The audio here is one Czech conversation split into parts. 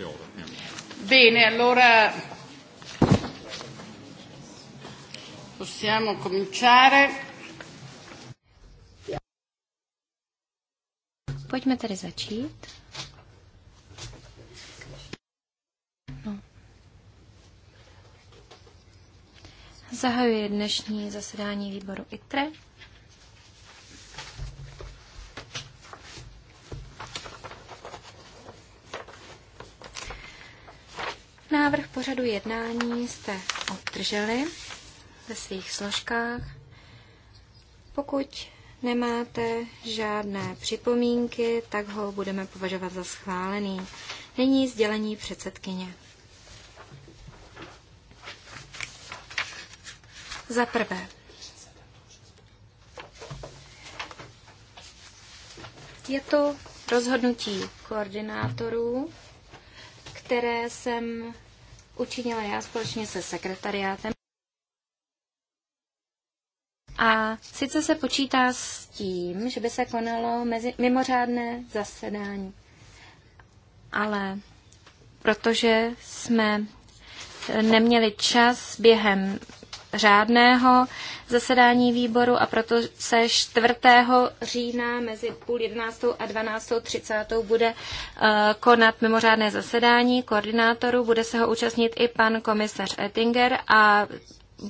qualche ora. Bene, allora possiamo cominciare. Pojďme tedy začít. No. Zahajuji dnešní zasedání výboru ITRE. Návrh pořadu jednání jste obdrželi ve svých složkách. Pokud nemáte žádné připomínky, tak ho budeme považovat za schválený. Není sdělení předsedkyně. Za prvé, je to rozhodnutí koordinátorů, které jsem učinila já společně se sekretariátem. A sice se počítá s tím, že by se konalo mezi, mimořádné zasedání, ale protože jsme neměli čas během řádného zasedání výboru a proto se 4. října mezi půl 11. a 12.30 bude eh, konat mimořádné zasedání koordinátorů. Bude se ho účastnit i pan komisař Ettinger a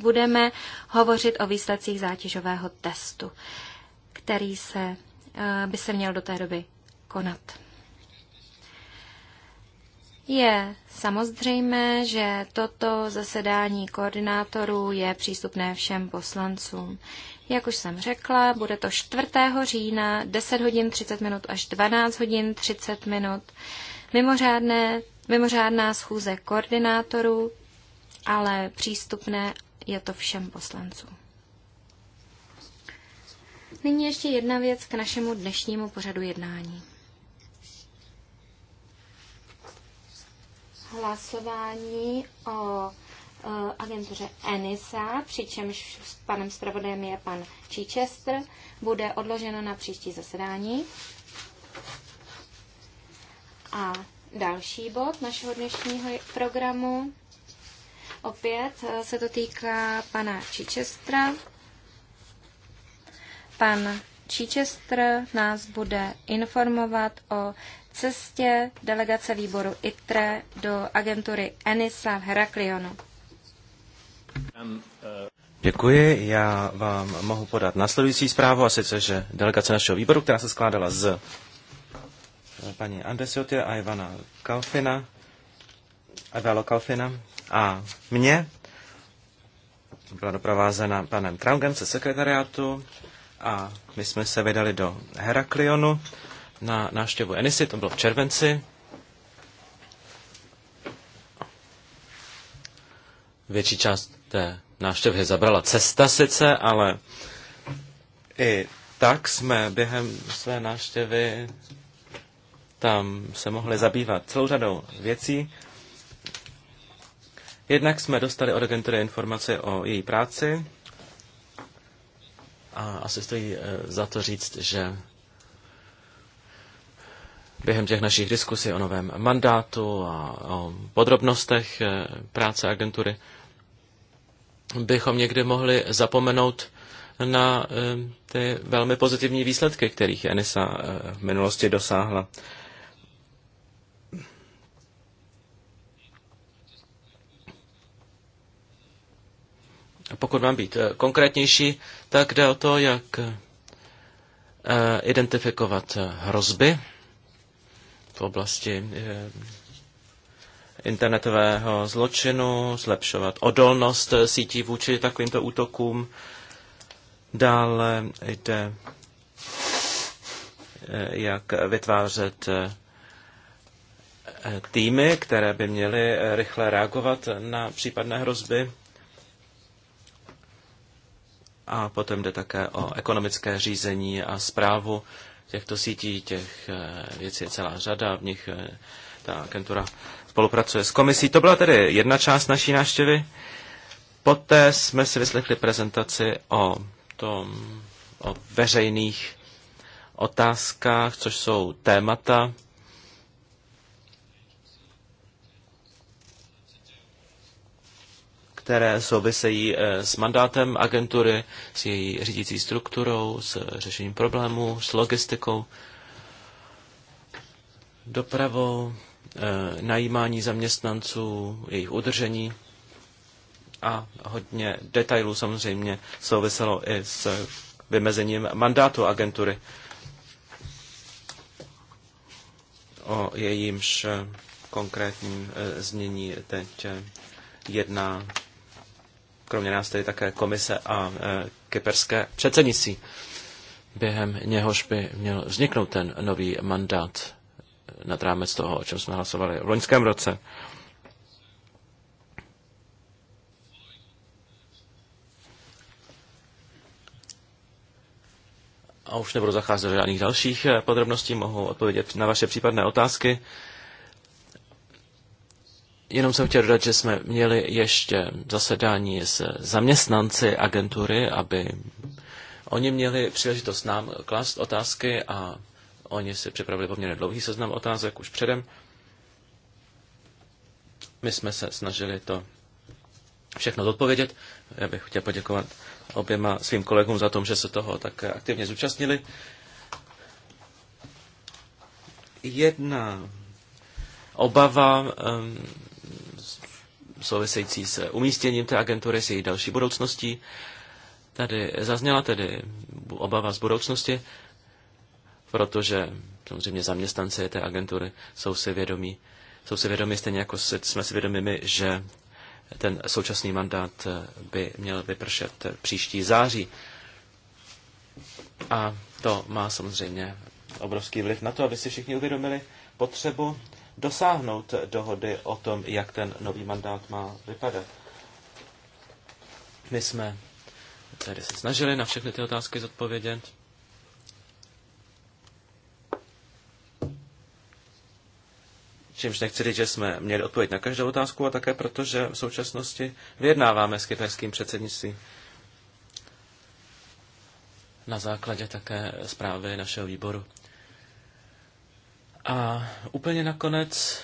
budeme hovořit o výsledcích zátěžového testu, který se, eh, by se měl do té doby konat. Je samozřejmé, že toto zasedání koordinátorů je přístupné všem poslancům. Jak už jsem řekla, bude to 4. října 10 hodin 30 minut až 12 hodin 30 minut. Mimořádné, mimořádná schůze koordinátorů, ale přístupné je to všem poslancům. Nyní ještě jedna věc k našemu dnešnímu pořadu jednání. hlasování o e, agentuře ENISA, přičemž s panem zpravodajem je pan Chichester, bude odloženo na příští zasedání. A další bod našeho dnešního programu. Opět e, se to týká pana Chichestra. Pan Chichester nás bude informovat o cestě delegace výboru ITRE do agentury ENISA v Heraklionu. Um, uh, Děkuji, já vám mohu podat následující zprávu, a sice, že delegace našeho výboru, která se skládala z eh, paní Andesiotě a Ivana Kalfina, Evelo Kalfina a mě, byla doprovázena panem Traugem ze sekretariátu a my jsme se vydali do Heraklionu, na návštěvu Enisy, to bylo v červenci. Větší část té návštěvy zabrala cesta sice, ale i tak jsme během své návštěvy tam se mohli zabývat celou řadou věcí. Jednak jsme dostali od agentury informace o její práci a asi stojí eh, za to říct, že během těch našich diskusí o novém mandátu a o podrobnostech eh, práce agentury, bychom někdy mohli zapomenout na eh, ty velmi pozitivní výsledky, kterých Enisa eh, v minulosti dosáhla. Pokud mám být konkrétnější, tak jde o to, jak identifikovat hrozby oblasti eh, internetového zločinu, zlepšovat odolnost eh, sítí vůči takovýmto útokům. Dále jde, eh, jak vytvářet týmy, které by měly rychle reagovat na případné hrozby. A potom jde také o ekonomické řízení a zprávu těchto sítí, těch eh, věcí je celá řada, v nich eh, ta agentura spolupracuje s komisí. To byla tedy jedna část naší návštěvy. Poté jsme si vyslechli prezentaci o, tom, o veřejných otázkách, což jsou témata, které souvisejí eh, s mandátem agentury, s její řídící strukturou, s řešením problémů, s logistikou, dopravou, eh, najímání zaměstnanců, jejich udržení a hodně detailů samozřejmě souviselo i s vymezením mandátu agentury, o jejímž eh, konkrétním znění teď jedná kromě nás tedy také komise a e, kyperské předsednictví. Během něhož by měl vzniknout ten nový mandát e, nad rámec toho, o čem jsme hlasovali v loňském roce. A už nebudu zacházet do žádných dalších e, podrobností, mohu odpovědět na vaše případné otázky. Jenom jsem chtěl dodat, že jsme měli ještě zasedání s zaměstnanci agentury, aby oni měli příležitost nám klást otázky a oni si připravili poměrně dlouhý seznam otázek už předem. My jsme se snažili to všechno odpovědět. Já bych chtěl poděkovat oběma svým kolegům za to, že se toho tak aktivně zúčastnili. Jedna obava um, související s umístěním té agentury, s její další budoucností. Tady zazněla tedy obava z budoucnosti, protože samozřejmě zaměstnanci té agentury jsou si vědomí, jsou si vědomí stejně jako jsme si vědomi my, že ten současný mandát eh, by měl vypršet eh, příští září. A to má samozřejmě obrovský vliv na to, aby si všichni uvědomili potřebu dosáhnout dohody o tom, jak ten nový mandát má vypadat. My jsme tedy se snažili na všechny ty otázky zodpovědět. Čímž nechci říct, že jsme měli odpověď na každou otázku, a také proto, že v současnosti vyjednáváme s kyperským předsednictvím. Na základě také zprávy našeho výboru. A úplně nakonec,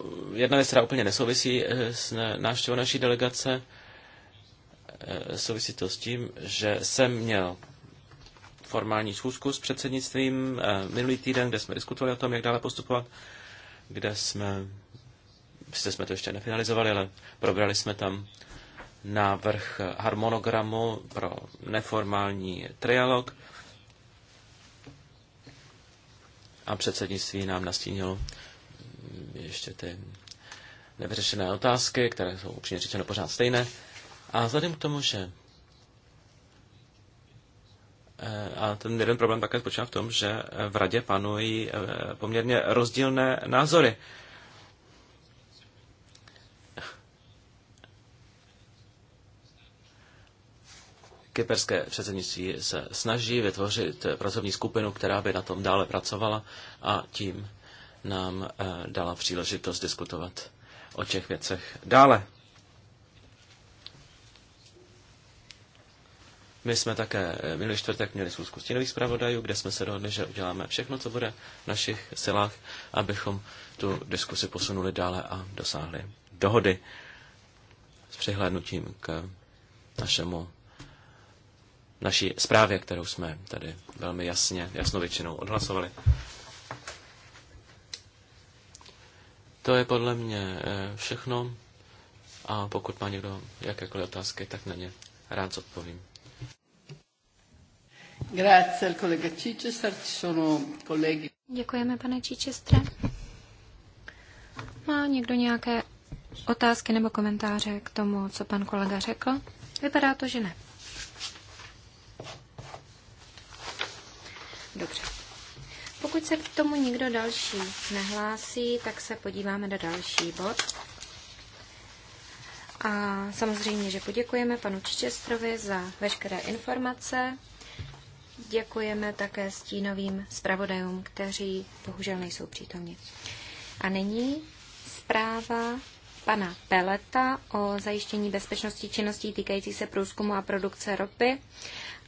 eh, jedna věc, která úplně nesouvisí eh, s návštěvou naší delegace, eh, souvisí to s tím, že jsem měl formální schůzku s předsednictvím minulý týden, kde jsme diskutovali o tom, jak dále postupovat, kde jsme, sice jsme to ještě nefinalizovali, ale probrali jsme tam návrh harmonogramu pro neformální trialog a předsednictví nám nastínilo ještě ty nevyřešené otázky, které jsou upřímně řečeno pořád stejné. A vzhledem k tomu, že eh, a ten jeden problém také spočívá v tom, že v radě panují eh, poměrně rozdílné názory Kyperské předsednictví se snaží vytvořit pracovní skupinu, která by na tom dále pracovala a tím nám eh, dala příležitost diskutovat o těch věcech dále. My jsme také eh, minulý čtvrtek měli schůzku stínových zpravodajů, kde jsme se dohodli, že uděláme všechno, co bude v našich silách, abychom tu diskusi posunuli dále a dosáhli dohody s přihlédnutím k našemu naší zprávě, kterou jsme tady velmi jasně, jasnou většinou odhlasovali. To je podle mě eh, všechno a pokud má někdo jakékoliv otázky, tak na ně rád odpovím. Grazie al collega Chichester, ci sono colleghi. Děkujeme, pane Chichestre. Má někdo nějaké otázky nebo komentáře k tomu, co pan kolega řekl? Vypadá to, že ne. Dobře. Pokud se k tomu nikdo další nehlásí, tak se podíváme na další bod. A samozřejmě, že poděkujeme panu Čičestrovi za veškeré informace. Děkujeme také stínovým zpravodajům, kteří bohužel nejsou přítomni. A nyní zpráva pana Peleta o zajištění bezpečnosti činností týkající se průzkumu a produkce ropy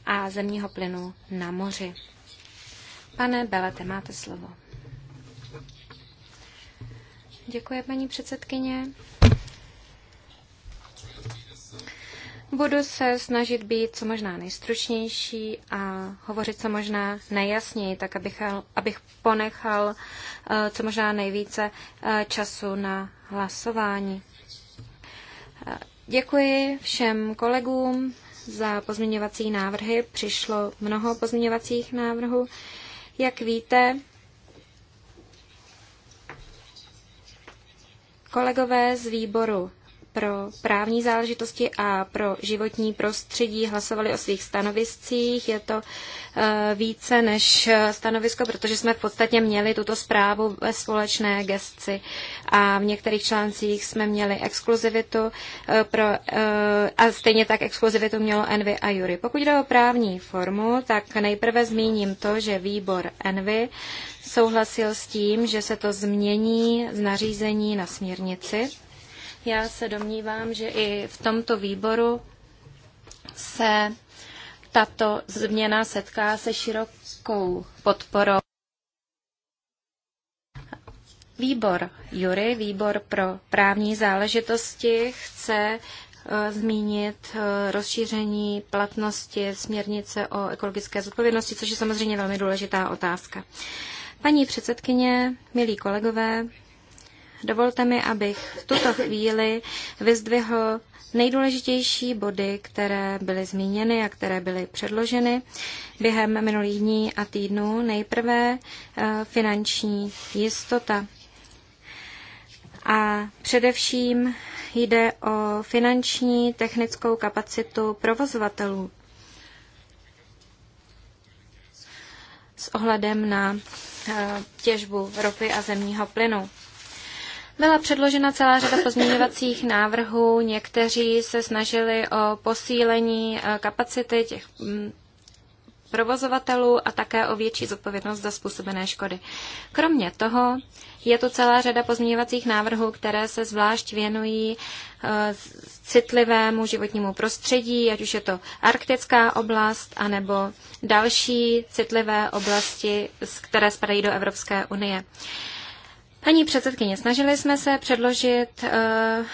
a zemního plynu na moři. Pane Belete, máte slovo. Děkuji, paní předsedkyně. Budu se snažit být co možná nejstručnější a hovořit co možná nejjasněji, tak abych, abych ponechal eh, co možná nejvíce eh, času na hlasování. Eh, děkuji všem kolegům za pozměňovací návrhy. Přišlo mnoho pozměňovacích návrhů. Jak víte, kolegové z výboru pro právní záležitosti a pro životní prostředí hlasovali o svých stanoviscích. Je to eh, více než eh, stanovisko, protože jsme v podstatě měli tuto zprávu ve společné gestci a v některých článcích jsme měli exkluzivitu eh, pro, a stejně tak exkluzivitu mělo Envy a Jury. Pokud jde o právní formu, tak nejprve zmíním to, že výbor Envy souhlasil s tím, že se to změní z nařízení na směrnici. Já se domnívám, že i v tomto výboru se tato změna setká se širokou podporou. Výbor Jury, výbor pro právní záležitosti, chce eh, zmínit eh, rozšíření platnosti směrnice o ekologické zodpovědnosti, což je samozřejmě velmi důležitá otázka. Paní předsedkyně, milí kolegové, dovolte mi, abych v tuto chvíli vyzdvihl nejdůležitější body, které byly zmíněny a které byly předloženy během minulých dní a týdnů. Nejprve eh, finanční jistota. A především jde o finanční technickou kapacitu provozovatelů s ohledem na eh, těžbu ropy a zemního plynu. Byla předložena celá řada pozměňovacích návrhů. Někteří se snažili o posílení eh, kapacity těch mm, provozovatelů a také o větší zodpovědnost za způsobené škody. Kromě toho je tu celá řada pozměňovacích návrhů, které se zvlášť věnují eh, citlivému životnímu prostředí, ať už je to arktická oblast, anebo další citlivé oblasti, které spadají do Evropské unie. Paní předsedkyně, snažili jsme se předložit eh,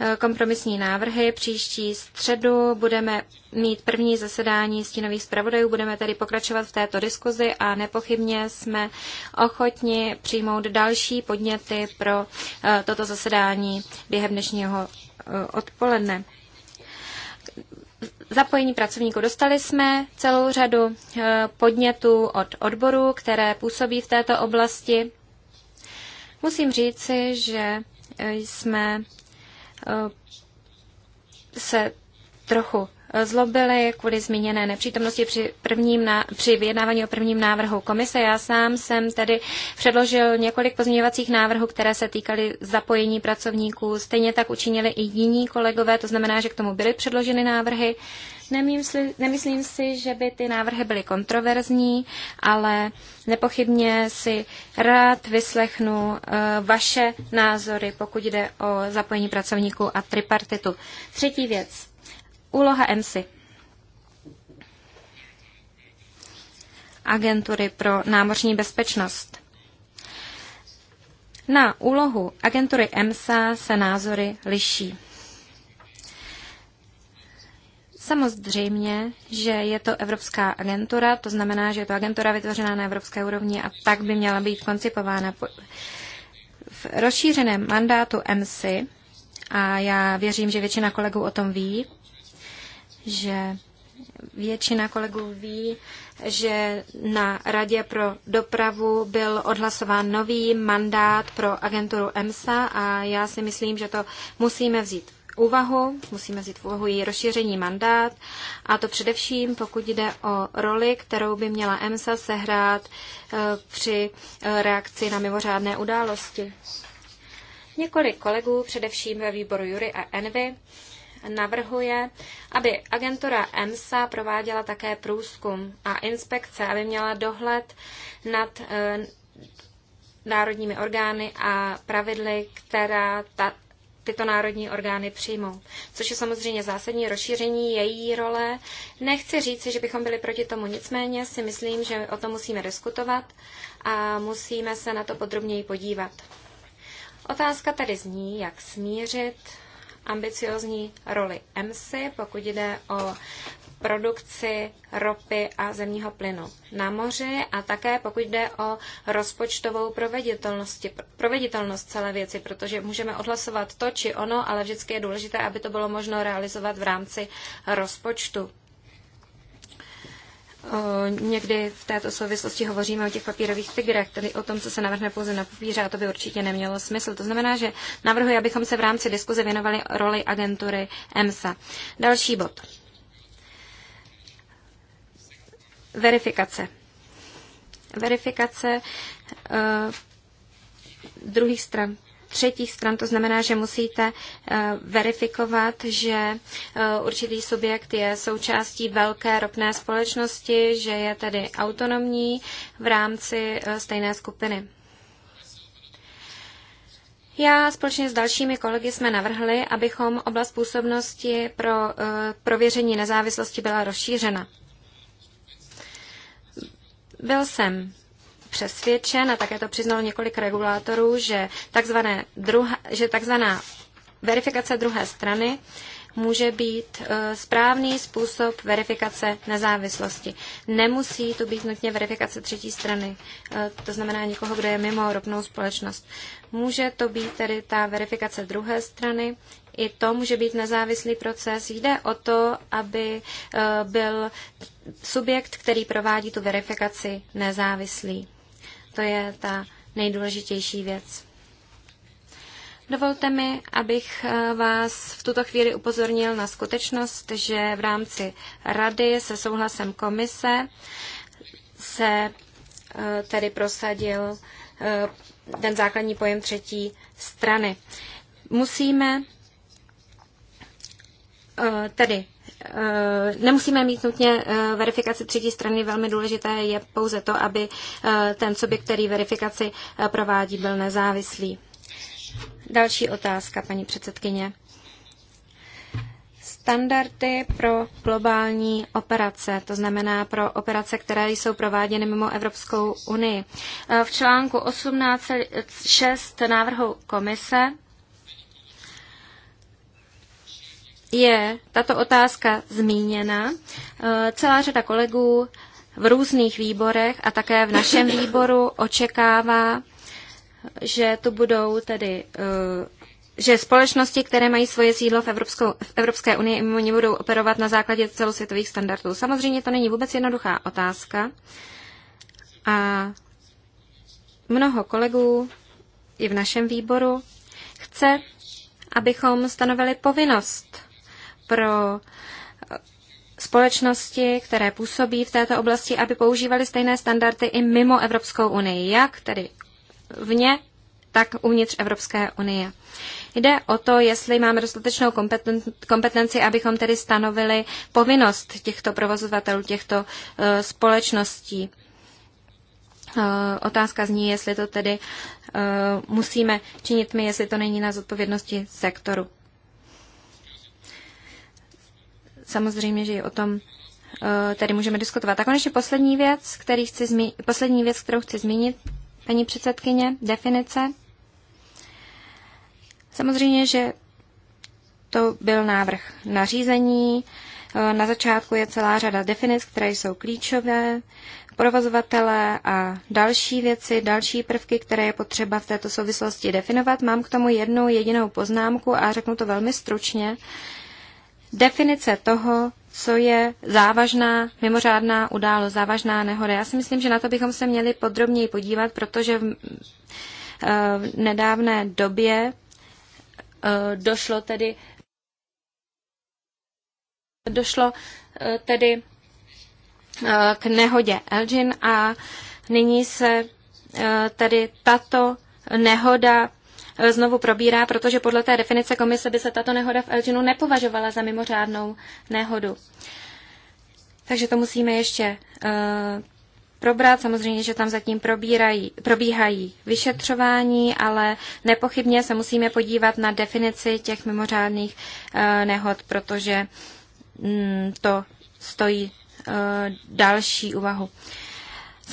eh, kompromisní návrhy. Příští středu budeme mít první zasedání stínových zpravodajů, budeme tedy pokračovat v této diskuzi a nepochybně jsme ochotni přijmout další podněty pro eh, toto zasedání během dnešního odpoledne. Zapojení pracovníků dostali jsme celou řadu podnětů od odborů, které působí v této oblasti. Musím říci, že eh, jsme eh, se trochu zlobili kvůli zmíněné nepřítomnosti při, prvním na, při vyjednávání o prvním návrhu komise. Já sám jsem tedy předložil několik pozměňovacích návrhů, které se týkaly zapojení pracovníků. Stejně tak učinili i jiní kolegové, to znamená, že k tomu byly předloženy návrhy. Nemyslím, nemyslím si, že by ty návrhy byly kontroverzní, ale nepochybně si rád vyslechnu eh, vaše názory, pokud jde o zapojení pracovníků a tripartitu. Třetí věc. Úloha EMSI. Agentury pro námořní bezpečnost. Na úlohu agentury EMSA se názory liší. Samozřejmě, že je to evropská agentura, to znamená, že je to agentura vytvořená na evropské úrovni a tak by měla být koncipována. V rozšířeném mandátu MC, a já věřím, že většina kolegů o tom ví, že většina kolegů ví, že na Radě pro dopravu byl odhlasován nový mandát pro agenturu EMSA a já si myslím, že to musíme vzít úvahu, musíme vzít v úvahu její rozšíření mandát, a to především pokud jde o roli, kterou by měla EMSA sehrát e, při e, reakci na mimořádné události. Několik kolegů, především ve výboru Jury a Envy, navrhuje, aby agentura EMSA prováděla také průzkum a inspekce, aby měla dohled nad eh, národními orgány a pravidly, která ta, tyto národní orgány přijmou. Což je samozřejmě zásadní rozšíření její role. Nechci říct, že bychom byli proti tomu, nicméně si myslím, že o tom musíme diskutovat a musíme se na to podrobněji podívat. Otázka tady zní, jak smířit ambiciozní roli EMSI, pokud jde o produkci ropy a zemního plynu na moři a také pokud jde o rozpočtovou proveditelnost, proveditelnost celé věci, protože můžeme odhlasovat to či ono, ale vždycky je důležité, aby to bylo možno realizovat v rámci rozpočtu někdy v této souvislosti hovoříme o těch papírových tigrech, tedy o tom, co se navrhne pouze na papíře, a to by určitě nemělo smysl. To znamená, že navrhuji, abychom se v rámci diskuze věnovali roli agentury EMSA. Další bod. Verifikace. Verifikace uh, druhých stran třetích stran. To znamená, že musíte eh, verifikovat, že eh, určitý subjekt je součástí velké ropné společnosti, že je tedy autonomní v rámci eh, stejné skupiny. Já společně s dalšími kolegy jsme navrhli, abychom oblast působnosti pro prověření nezávislosti byla rozšířena. Byl jsem přesvědčen, a také to přiznalo několik regulátorů, že, takzvané druha, že takzvaná verifikace druhé strany může být e, správný způsob verifikace nezávislosti. Nemusí to být nutně verifikace třetí strany, e, to znamená někoho, kdo je mimo ropnou společnost. Může to být tedy ta verifikace druhé strany, i to může být nezávislý proces. Jde o to, aby e, byl subjekt, který provádí tu verifikaci, nezávislý. To je ta nejdůležitější věc. Dovolte mi, abych eh, vás v tuto chvíli upozornil na skutečnost, že v rámci Rady se souhlasem komise se eh, tedy prosadil eh, ten základní pojem třetí strany. Musíme tedy Eh, nemusíme mít nutně eh, verifikaci třetí strany. Velmi důležité je pouze to, aby eh, ten subjekt, který verifikaci provádí, byl nezávislý. Další otázka, paní předsedkyně. Standardy pro globální operace, to znamená pro operace, které jsou prováděny mimo Evropskou unii. V článku 18.6 návrhu komise je tato otázka zmíněna. Eh, celá řada kolegů v různých výborech a také v našem výboru očekává, že tu budou tedy eh, že společnosti, které mají svoje sídlo v, Evropskou, v Evropské unii, oni budou operovat na základě celosvětových standardů. Samozřejmě to není vůbec jednoduchá otázka. A mnoho kolegů i v našem výboru chce, abychom stanovili povinnost pro eh, společnosti, které působí v této oblasti, aby používali stejné standardy i mimo Evropskou unii, jak tedy vně, tak uvnitř Evropské unie. Jde o to, jestli máme dostatečnou kompetenci, abychom tedy stanovili povinnost těchto provozovatelů, těchto uh, společností. Uh, otázka zní, jestli to tedy uh, musíme činit my, jestli to není na zodpovědnosti sektoru samozřejmě, že i o tom eh, tady můžeme diskutovat. Tak konečně poslední věc, který chci zmi- poslední věc, kterou chci zmínit, paní předsedkyně, definice. Samozřejmě, že to byl návrh nařízení. Eh, na začátku je celá řada definic, které jsou klíčové, provozovatele a další věci, další prvky, které je potřeba v této souvislosti definovat. Mám k tomu jednu jedinou poznámku a řeknu to velmi stručně definice toho, co je závažná, mimořádná událost, závažná nehoda. Já si myslím, že na to bychom se měli podrobněji podívat, protože v, e, v nedávné době e, došlo tedy došlo e, tedy k nehodě Elgin a nyní se tedy tato nehoda Eh, znovu probírá, protože podle té definice komise by se tato nehoda v Elginu nepovažovala za mimořádnou nehodu. Takže to musíme ještě uh, probrat. Samozřejmě, že tam zatím probírají, probíhají vyšetřování, ale nepochybně se musíme podívat na definici těch mimořádných uh, nehod, protože mm, to stojí uh, další úvahu. Uh,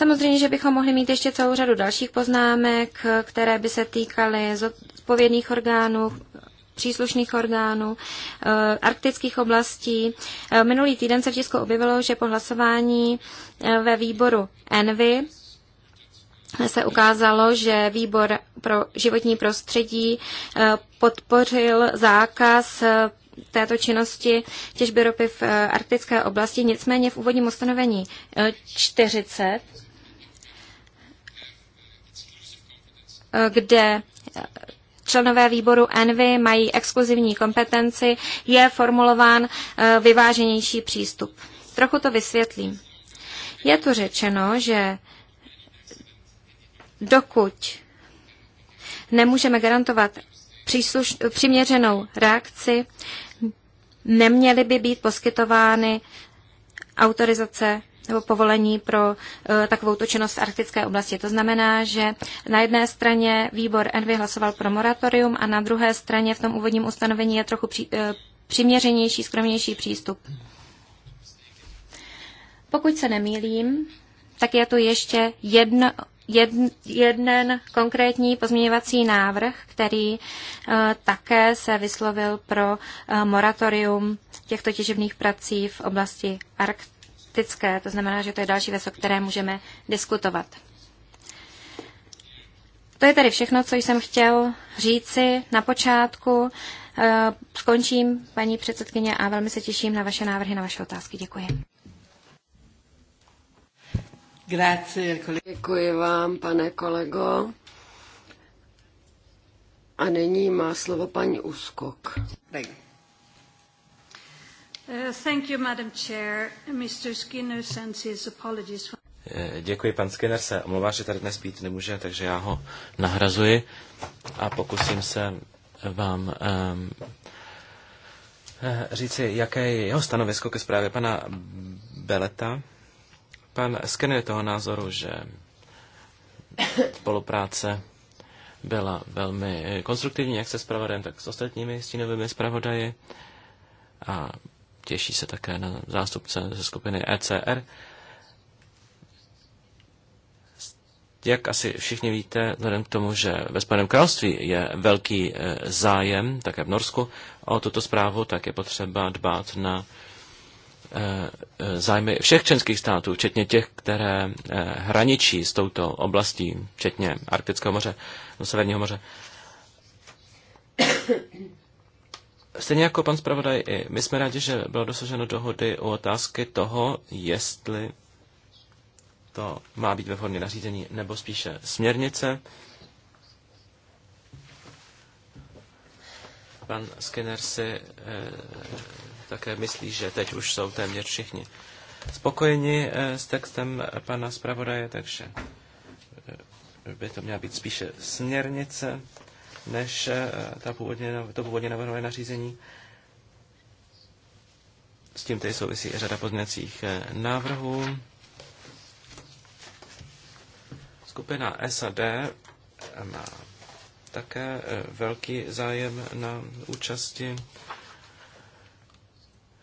Samozřejmě, že bychom mohli mít ještě celou řadu dalších poznámek, které by se týkaly zodpovědných orgánů, příslušných orgánů, eh, arktických oblastí. Eh, minulý týden se v Česku objevilo, že po hlasování eh, ve výboru ENVY se ukázalo, že výbor pro životní prostředí podpořil zákaz této činnosti těžby ropy v arktické oblasti. Nicméně v úvodním ustanovení 40 kde členové výboru ENVY mají exkluzivní kompetenci, je formulován eh, vyváženější přístup. Trochu to vysvětlím. Je tu řečeno, že dokud nemůžeme garantovat přísluš, přiměřenou reakci, neměly by být poskytovány autorizace nebo povolení pro e, eh, takovou činnost v arktické oblasti. To znamená, že na jedné straně výbor Envy hlasoval pro moratorium a na druhé straně v tom úvodním ustanovení je trochu při, e, přiměřenější, skromnější přístup. Pokud se nemýlím, tak je tu ještě jedno, jedn, jeden konkrétní pozměňovací návrh, který e, také se vyslovil pro e, moratorium těchto těžebných prací v oblasti Arktiky problematické. To znamená, že to je další věc, o které můžeme diskutovat. To je tedy všechno, co jsem chtěl říci na počátku. Eh, skončím, paní předsedkyně, a velmi se těším na vaše návrhy, na vaše otázky. Děkuji. Děkuji vám, pane kolego. A nyní má slovo paní Uskok. Děkuji. Uh, thank you, Madam Chair. Mr. Skinner sends his apologies. For... Eh, děkuji, pan Skinner se omlouvá, že tady dnes být nemůže, takže já ho nahrazuji a pokusím se vám um, říci, jaké je jeho stanovisko ke zprávě pana Beleta. Pan Skinner je toho názoru, že spolupráce byla velmi konstruktivní, jak se zpravodajem, tak s ostatními stínovými zpravodaji. A těší se také na zástupce ze skupiny ECR. Jak asi všichni víte, vzhledem k tomu, že ve Spojeném království je velký eh, zájem, také v Norsku, o tuto zprávu, tak je potřeba dbát na eh, eh, zájmy všech členských států, včetně těch, které hraničí s touto oblastí, včetně Arktického moře, Severního moře. Stejně jako pan zpravodaj, i my jsme rádi, že bylo dosaženo dohody o otázky toho, jestli to má být ve formě nařízení nebo spíše směrnice. Pan Skinner si eh, také myslí, že teď už jsou téměř všichni spokojeni eh, s textem pana zpravodaje, takže eh, by to měla být spíše směrnice než eh, ta původně, to původně navrhované nařízení. S tím tedy souvisí i řada pozměňovacích eh, návrhů. Skupina SAD eh, má také velký zájem na účasti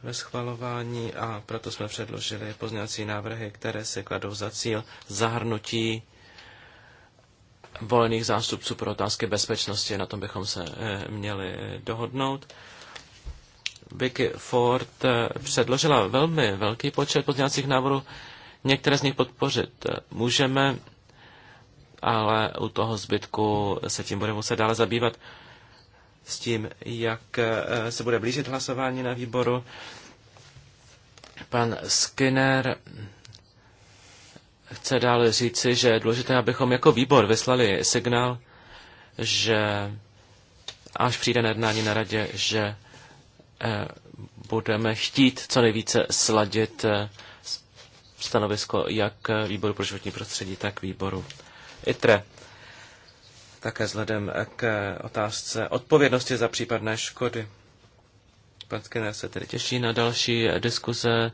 ve schvalování a proto jsme předložili pozměňovací návrhy, které se kladou za cíl zahrnutí volených zástupců pro otázky bezpečnosti. Na tom bychom se eh, měli eh, dohodnout. Vicky Ford eh, předložila velmi velký počet pozměňovacích návrhů. Některé z nich podpořit můžeme, ale u toho zbytku se tím budeme muset dále zabývat s tím, jak se bude blížit hlasování na výboru. Pan Skinner chce dále říci, že je důležité, abychom jako výbor vyslali signál, že až přijde na jednání na radě, že eh, budeme chtít co nejvíce sladit eh, stanovisko jak výboru pro životní prostředí, tak výboru ITRE. Také vzhledem k otázce odpovědnosti za případné škody. Pan Skinner se tedy těší na další diskuze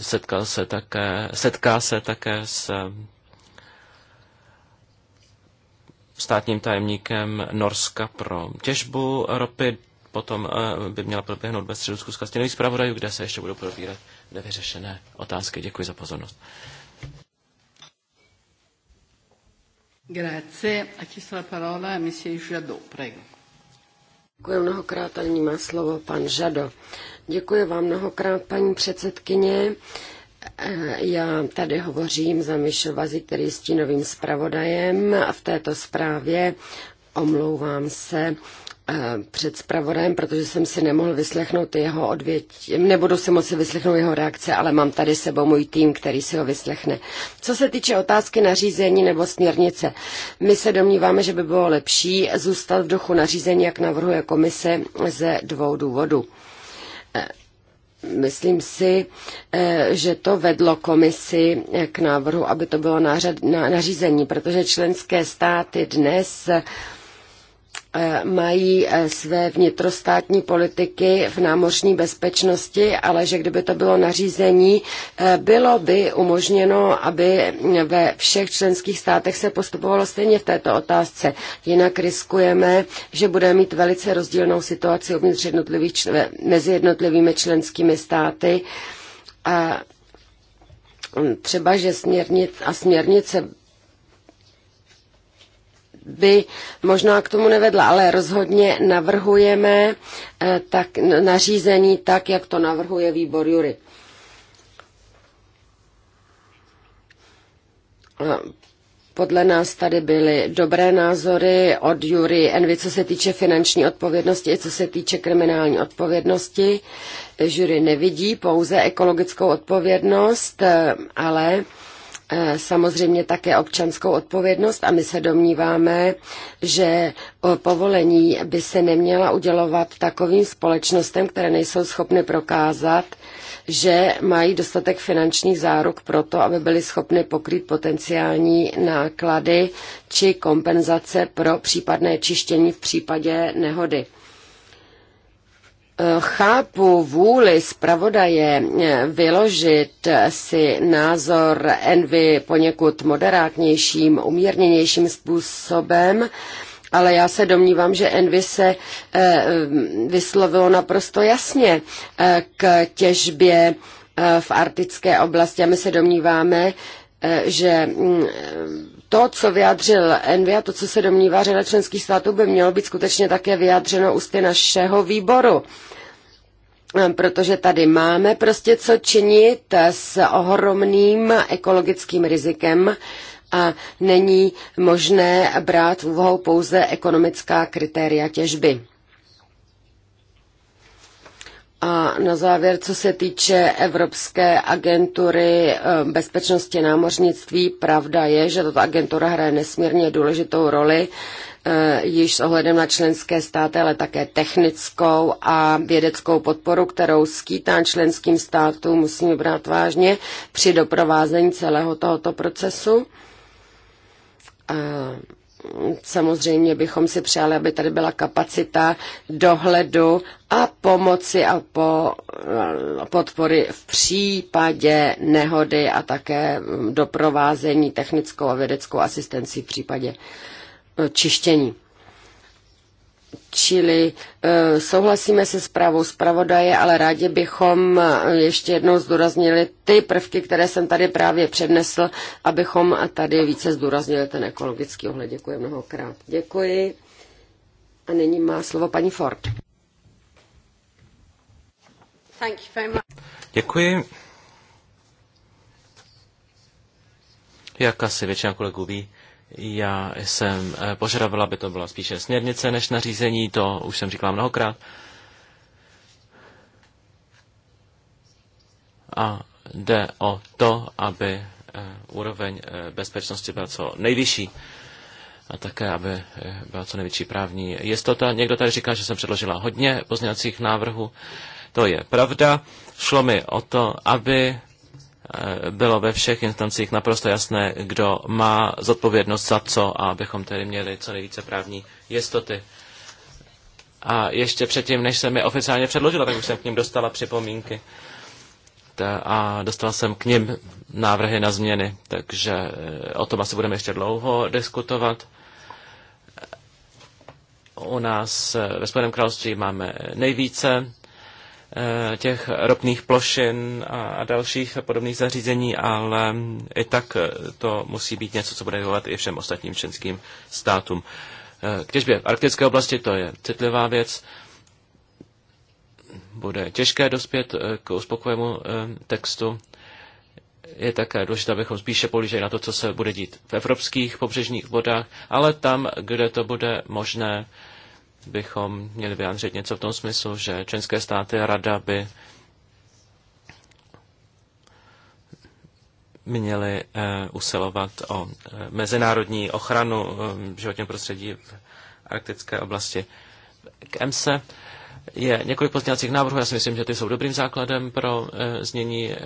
setkal se také, setká se také s eh, státním tajemníkem Norska pro těžbu ropy. Potom eh, by měla proběhnout ve středu zkuska stěnových zpravodajů, kde se ještě budou probírat nevyřešené otázky. Děkuji za pozornost. Grazie. A chiesto la parola a Monsieur Jadot, prego. Děkuji mnohokrát ani má slovo pan Žado. Děkuji vám mnohokrát, paní předsedkyně. E, já tady hovořím za Mišel Vazi, který je stínovým zpravodajem v této zprávě. Omlouvám se e, před zpravodajem, protože jsem si nemohl vyslechnout jeho odvěď. Nebudu si moci vyslechnout jeho reakce, ale mám tady sebou můj tým, který si ho vyslechne. Co se týče otázky nařízení nebo směrnice, my se domníváme, že by bylo lepší zůstat v duchu nařízení, jak navrhuje komise, ze dvou důvodů. Myslím si, eh, že to vedlo komisi eh, k návrhu, aby to bylo nařízení, protože členské státy dnes E, mají e, své vnitrostátní politiky v námořní bezpečnosti, ale že kdyby to bylo nařízení, e, bylo by umožněno, aby ve všech členských státech se postupovalo stejně v této otázce. Jinak riskujeme, že budeme mít velice rozdílnou situaci uvnitř jednotlivých, mezi jednotlivými členskými státy. A třeba, že směrnic a směrnice by možná k tomu nevedla, ale rozhodně navrhujeme eh, tak, nařízení tak, jak to navrhuje výbor Jury. Podle nás tady byly dobré názory od Jury Envy, co se týče finanční odpovědnosti i co se týče kriminální odpovědnosti. Jury nevidí pouze ekologickou odpovědnost, eh, ale E, samozřejmě také občanskou odpovědnost a my se domníváme, že povolení by se neměla udělovat takovým společnostem, které nejsou schopny prokázat, že mají dostatek finančních záruk pro to, aby byly schopny pokrýt potenciální náklady či kompenzace pro případné čištění v případě nehody. Chápu vůli zpravodaje eh, vyložit si názor Envy poněkud moderátnějším, umírněnějším způsobem, ale já se domnívám, že Envy se eh, vyslovilo naprosto jasně eh, k těžbě v arktické oblasti a my se domníváme, že mm, to, co vyjádřil Envy a to, co se domnívá řada členských států, by mělo být skutečně také vyjádřeno ústy našeho výboru ehm, protože tady máme prostě co činit s ohromným ekologickým rizikem a není možné brát v úvahu pouze ekonomická kritéria těžby. A na závěr, co se týče Evropské agentury eh, bezpečnosti námořnictví, pravda je, že tato agentura hraje nesmírně důležitou roli eh, již s ohledem na členské státy, ale také technickou a vědeckou podporu, kterou skýtá členským státům, musíme brát vážně při doprovázení celého tohoto procesu. Eh, samozřejmě bychom si přáli, aby tady byla kapacita dohledu a pomoci a po, podpory v případě nehody a také doprovázení technickou a vědeckou asistencí v případě e, čištění. Čili eh, souhlasíme se pravou zpravodaje, ale rádi bychom eh, ještě jednou zdůraznili ty prvky, které jsem tady právě přednesl, abychom tady více zdůraznili ten ekologický ohled. Děkuji mnohokrát. Děkuji. A nyní má slovo paní Ford. Děkuji. Jak asi většina kolegů ví, já jsem eh, požadoval, aby to byla spíše směrnice než nařízení, to už jsem říkala mnohokrát. A jde o to, aby eh, úroveň eh, bezpečnosti byla co nejvyšší a také, aby byla co největší právní jistota. Někdo tady říká, že jsem předložila hodně pozněvacích návrhů. To je pravda. Šlo mi o to, aby Eh, bylo ve všech instancích naprosto jasné, kdo má zodpovědnost za co a abychom tedy měli co nejvíce právní jistoty. A ještě předtím, než jsem je oficiálně předložila, tak už jsem k ním dostala připomínky a dostal jsem k ním návrhy na změny, takže eh, o tom asi budeme ještě dlouho diskutovat. U nás eh, ve Spojeném království máme nejvíce Eh, těch ropných plošin a dalších podobných zařízení, ale i tak eh, to musí být něco, co bude vyhovovat i všem ostatním členským státům. Eh, k těžbě v arktické oblasti to je citlivá věc. Bude těžké dospět k uspokojemu textu. Je také důležité, abychom spíše políželi na to, co se bude dít v evropských pobřežních vodách, ale tam, kde to bude možné, bychom měli vyjádřit něco v tom smyslu, že členské státy a rada by měli eh, usilovat o eh, mezinárodní ochranu eh, životního prostředí v arktické oblasti. K EMSE je několik pozdělacích návrhů. Já si myslím, že ty jsou dobrým základem pro e, znění. E,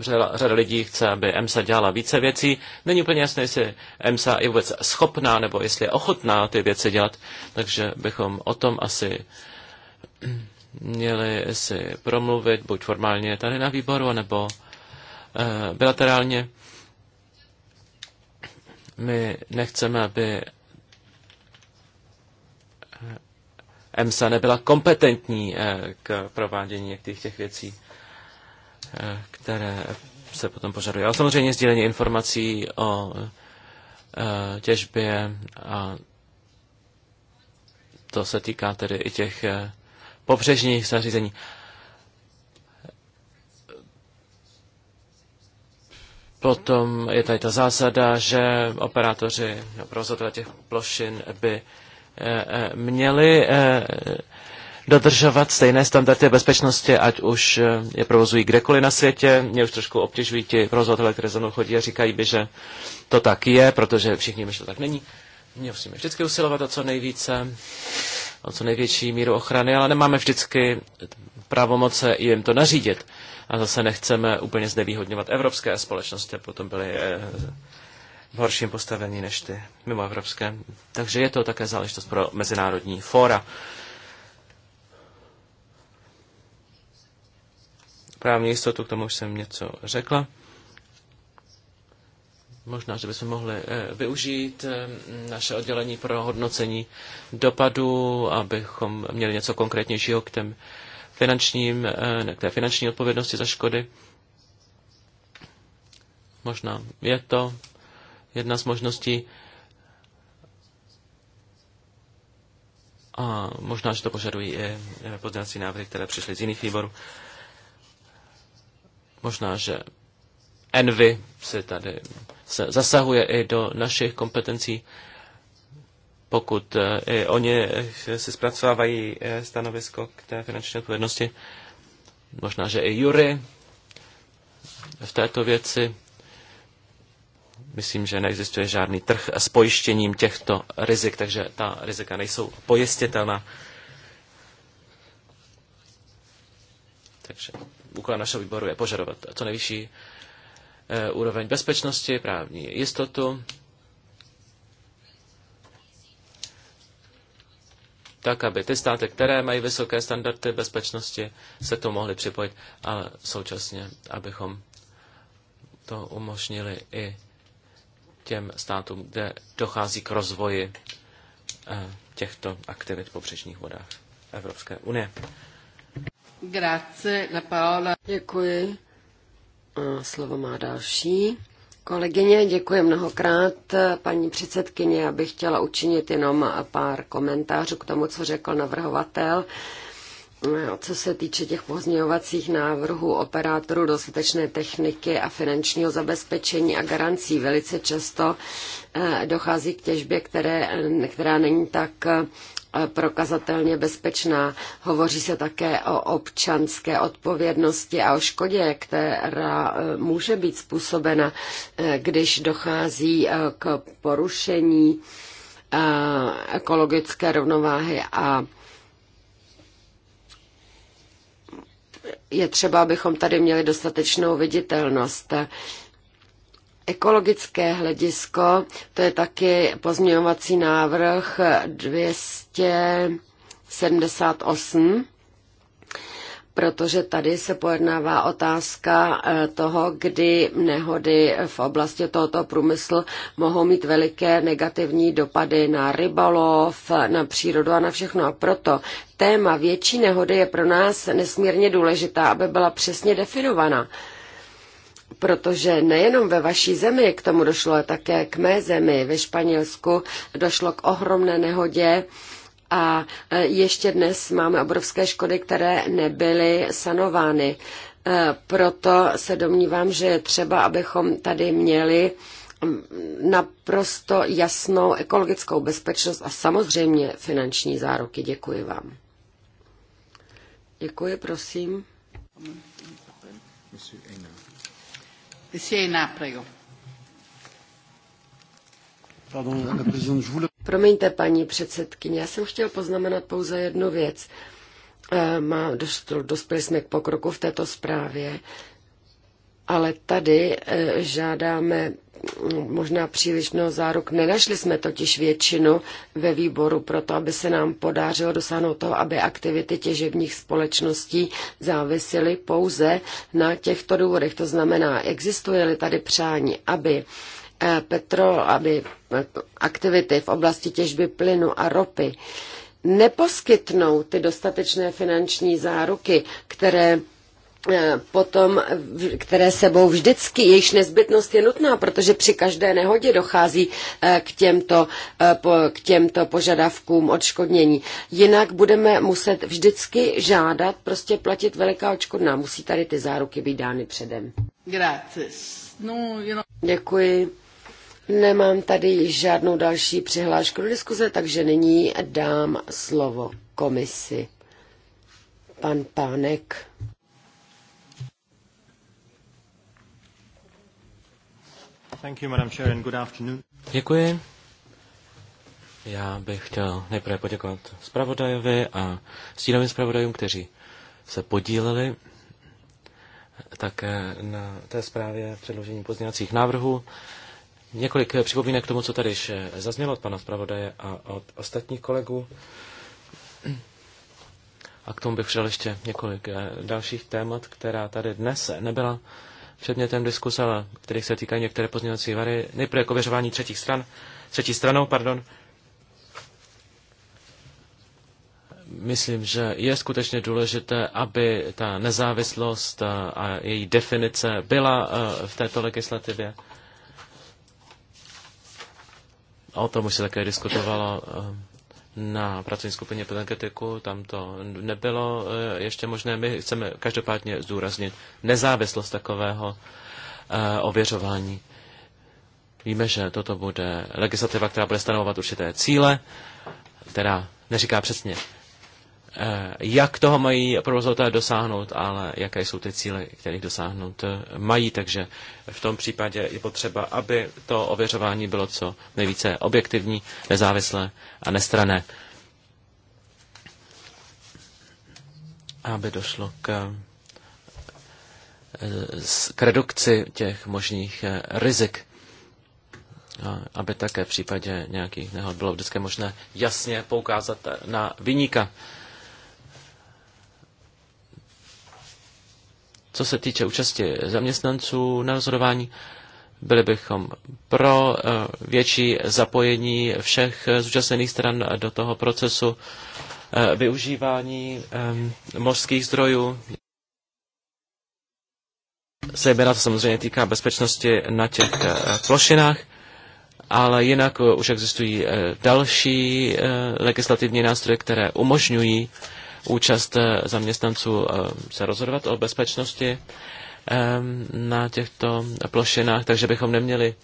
řada, řada lidí chce, aby EMSA dělala více věcí. Není úplně jasné, jestli EMSA je vůbec schopná nebo jestli je ochotná ty věci dělat. Takže bychom o tom asi měli si promluvit, buď formálně tady na výboru, nebo e, eh, bilaterálně. My nechceme, aby EMSA nebyla kompetentní eh, k provádění některých těch věcí, eh, které se potom požadují. Ale samozřejmě sdílení informací o eh, těžbě a to se týká tedy i těch pobřežních zařízení. Potom je tady ta zásada, že operátoři nebo provozovatele těch plošin by Eh, eh, měli eh, dodržovat stejné standardy bezpečnosti, ať už je provozují kdekoliv na světě. Mě už trošku obtěžují ti provozovatele, které za mnou chodí a říkají by, že to tak je, protože všichni víme, že to tak není. Mě musíme vždycky usilovat o co nejvíce, o co největší míru ochrany, ale nemáme vždycky pravomoce jim to nařídit. A zase nechceme úplně znevýhodňovat evropské společnosti, potom byly v horším postavení než ty evropské. Takže je to také záležitost pro mezinárodní fóra. Právní jistotu, k tomu už jsem něco řekla. Možná, že bychom mohli eh, využít eh, naše oddělení pro hodnocení dopadu, abychom měli něco konkrétnějšího k, těm finančním, eh, k té finanční odpovědnosti za škody. Možná je to jedna z možností. A možná, že to požadují i pozdělací návrhy, které přišly z jiných výborů. Možná, že Envy se tady se zasahuje i do našich kompetencí, pokud e, i oni si zpracovávají e, stanovisko k té finanční odpovědnosti. Možná, že i Jury v této věci Myslím, že neexistuje žádný trh s pojištěním těchto rizik, takže ta rizika nejsou pojistitelná. Takže úkol našeho výboru je požadovat co nejvyšší eh, úroveň bezpečnosti, právní jistotu, tak, aby ty státy, které mají vysoké standardy bezpečnosti, se to mohly připojit, ale současně, abychom to umožnili i těm státům, kde dochází k rozvoji eh, těchto aktivit v pobřežních vodách Evropské unie. Grazie, la parola. Děkuji. A slovo má další. Kolegyně, děkuji mnohokrát. Paní předsedkyně, já bych chtěla učinit jenom pár komentářů k tomu, co řekl navrhovatel. No co se týče těch pozměňovacích návrhů operátorů dostatečné techniky a finančního zabezpečení a garancí, velice často eh, dochází k těžbě, které, která není tak eh, prokazatelně bezpečná. Hovoří se také o občanské odpovědnosti a o škodě, která eh, může být způsobena, když dochází k porušení ekologické rovnováhy a je třeba, abychom tady měli dostatečnou viditelnost. Ekologické hledisko, to je taky pozměňovací návrh 278 protože tady se pojednává otázka eh, toho, kdy nehody v oblasti tohoto průmyslu mohou mít veliké negativní dopady na rybolov, na přírodu a na všechno. A proto téma větší nehody je pro nás nesmírně důležitá, aby byla přesně definovaná. Protože nejenom ve vaší zemi k tomu došlo, ale také k mé zemi ve Španělsku došlo k ohromné nehodě, a e, ještě dnes máme obrovské škody, které nebyly sanovány. E, proto se domnívám, že je třeba, abychom tady měli naprosto jasnou ekologickou bezpečnost a samozřejmě finanční záruky. Děkuji vám. Děkuji, prosím. Pardon, la présidente, je voulais... Promiňte, paní předsedkyně, já jsem chtěl poznamenat pouze jednu věc. Eh, má, dospěli jsme k pokroku v této zprávě, ale tady eh, žádáme možná příliš mnoho záruk. Nenašli jsme totiž většinu ve výboru pro to, aby se nám podařilo dosáhnout toho, aby aktivity těžebních společností závisely pouze na těchto důvodech. To znamená, existuje-li tady přání, aby Eh, petrol, aby aktivity v oblasti těžby plynu a ropy neposkytnou ty dostatečné finanční záruky, které eh, potom, které sebou vždycky, jejichž nezbytnost je nutná, protože při každé nehodě dochází eh, k těmto, k těmto požadavkům odškodnění. Jinak budeme muset vždycky žádat, prostě platit veliká odškodná. Musí tady ty záruky být dány předem. No, Děkuji. Nemám tady žádnou další přihlášku do diskuze, takže nyní dám slovo komisi. Pan Pánek. Thank you, Madam Chair, and good afternoon. Děkuji. Já bych chtěl nejprve poděkovat zpravodajovi a stínovým zpravodajům, kteří se podíleli také na té zprávě předložení pozdějacích návrhů. Několik připomínek k tomu, co tady eh, zaznělo od pana zpravodaje a od ostatních kolegů. A k tomu bych přidal ještě několik eh, dalších témat, která tady dnes nebyla předmětem diskuse, ale kterých se týkají některé pozměňovací vary. Nejprve jako věřování třetích stran, třetí stranou, pardon. Myslím, že je skutečně důležité, aby ta nezávislost eh, a její definice byla v této legislativě. O tom už se také diskutovalo eh, na pracovní skupině pro energetiku, tam to nebylo eh, ještě možné. My chceme každopádně zdůraznit nezávislost takového eh, ověřování. Víme, že toto bude legislativa, která bude stanovovat určité cíle, která neříká přesně Eh, jak toho mají provozovatelé dosáhnout, ale jaké jsou ty cíle, kterých dosáhnout eh, mají. Takže v tom případě je potřeba, aby to ověřování bylo co nejvíce objektivní, nezávislé a nestrané. Aby došlo k, eh, k redukci těch možných rizik. A aby také v případě nějakých nehod bylo vždycky možné jasně poukázat na vyníka. Co se týče účasti zaměstnanců na rozhodování, byli bychom pro eh, větší zapojení všech zúčastněných stran do toho procesu eh, využívání eh, mořských zdrojů. Zejména to samozřejmě týká bezpečnosti na těch plošinách, ale jinak už existují další legislativní nástroje, které umožňují účast eh, zaměstnanců eh, se rozhodovat o bezpečnosti eh, na těchto plošinách, takže bychom neměli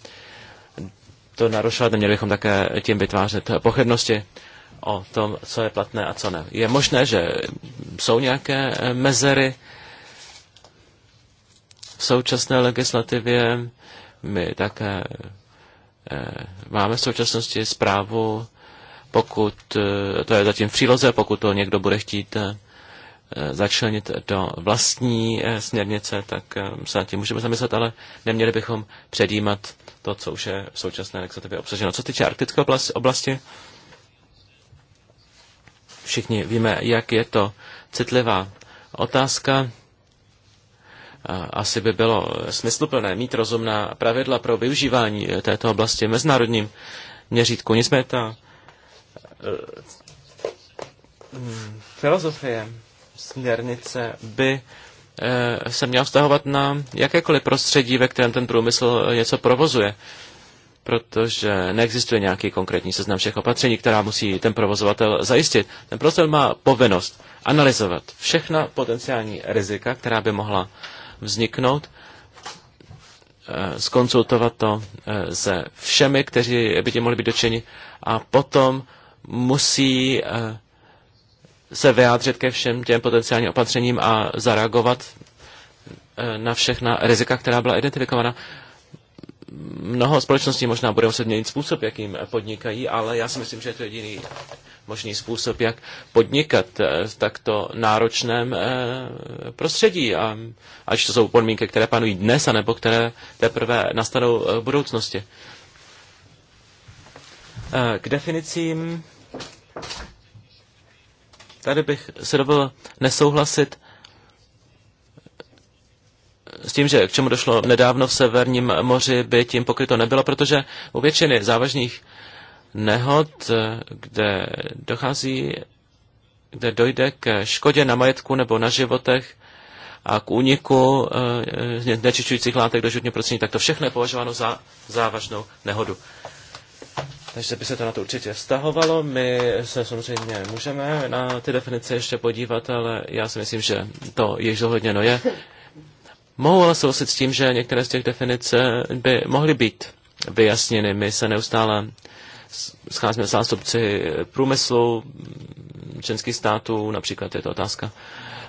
to narušovat, neměli bychom také tím vytvářet pochybnosti o tom, co je platné a co ne. Je možné, že jsou nějaké mezery v současné legislativě. My také máme v současnosti zprávu pokud, eh, to je zatím v příloze, pokud to někdo bude chtít eh, začlenit do vlastní eh, směrnice, tak se nad tím můžeme zamyslet, ale neměli bychom předjímat to, co už je v současné legislativě obsaženo. Co týče arktické oblasti, všichni víme, jak je to citlivá otázka. Asi by bylo smysluplné mít rozumná pravidla pro využívání této oblasti v mezinárodním měřítku. Nicméně ta filozofie směrnice by eh, se měla vztahovat na jakékoliv prostředí, ve kterém ten průmysl eh, něco provozuje, protože neexistuje nějaký konkrétní seznam všech opatření, která musí ten provozovatel zajistit. Ten prostor má povinnost analyzovat všechna potenciální rizika, která by mohla vzniknout, skonsultovat eh, to se všemi, kteří by tím mohli být dočeni a potom musí eh, se vyjádřit ke všem těm potenciálním opatřením a zareagovat eh, na všechna rizika, která byla identifikována. Mnoho společností možná bude muset měnit způsob, jakým podnikají, ale já si myslím, že je to jediný možný způsob, jak podnikat eh, v takto náročném prostředí. A ať to jsou podmínky, které panují dnes, anebo které teprve nastanou v budoucnosti. K definicím Tady bych se dovolil nesouhlasit s tím, že k čemu došlo nedávno v Severním moři, by tím pokryto nebylo, protože u většiny závažných nehod, kde dochází, kde dojde k škodě na majetku nebo na životech a k úniku e, znečišťujících látek do životního prostředí, tak to všechno je považováno za závažnou nehodu. Takže by se to na to určitě vztahovalo. My se samozřejmě můžeme na ty definice ještě podívat, ale já si myslím, že to již zohledněno je. Mohu ale souhlasit s tím, že některé z těch definic by mohly být vyjasněny. My se neustále scházíme s zástupci průmyslu, členských států, například je to otázka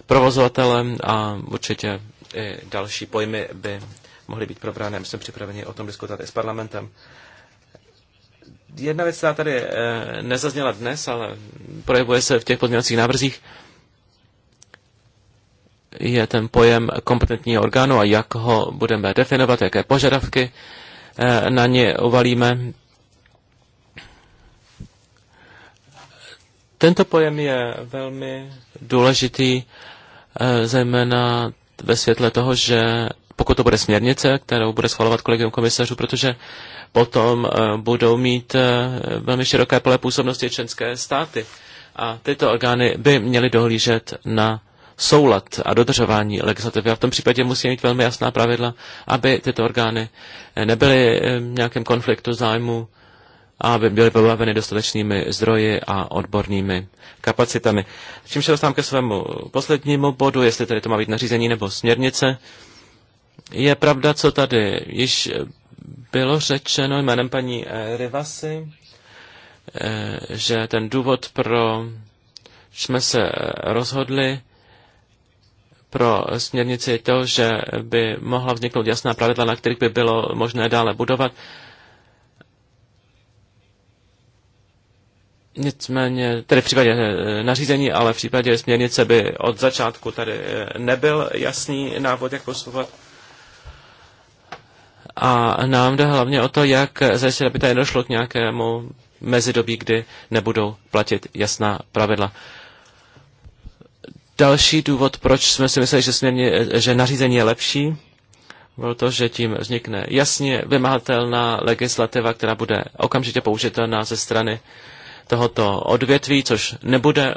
provozovatelem a určitě i další pojmy by mohly být probrány. My jsme připraveni o tom diskutovat i s parlamentem. Jedna věc, která tady eh, nezazněla dnes, ale projevuje se v těch podměňovacích návrzích, je ten pojem kompetentního orgánu a jak ho budeme definovat, jaké požadavky eh, na ně uvalíme. Tento pojem je velmi důležitý, eh, zejména ve světle toho, že pokud to bude směrnice, kterou bude schvalovat kolegium komisařů, protože potom eh, budou mít eh, velmi široké pole působnosti členské státy. A tyto orgány by měly dohlížet na soulad a dodržování legislativy. A v tom případě musí mít velmi jasná pravidla, aby tyto orgány eh, nebyly v nějakém konfliktu zájmu a aby byly vybaveny dostatečnými zdroji a odbornými kapacitami. Čím se dostávám ke svému poslednímu bodu, jestli tedy to má být nařízení nebo směrnice. Je pravda, co tady již bylo řečeno jménem paní eh, Rivasy, eh, že ten důvod, pro jsme se eh, rozhodli pro směrnici je to, že by mohla vzniknout jasná pravidla, na kterých by bylo možné dále budovat. Nicméně, tedy v případě nařízení, ale v případě směrnice by od začátku tady nebyl jasný návod, jak postupovat. A nám jde hlavně o to, jak zajistit, aby tady došlo k nějakému mezidobí, kdy nebudou platit jasná pravidla. Další důvod, proč jsme si mysleli, že, směrně, že nařízení je lepší, bylo to, že tím vznikne jasně vymahatelná legislativa, která bude okamžitě použitelná ze strany tohoto odvětví, což nebude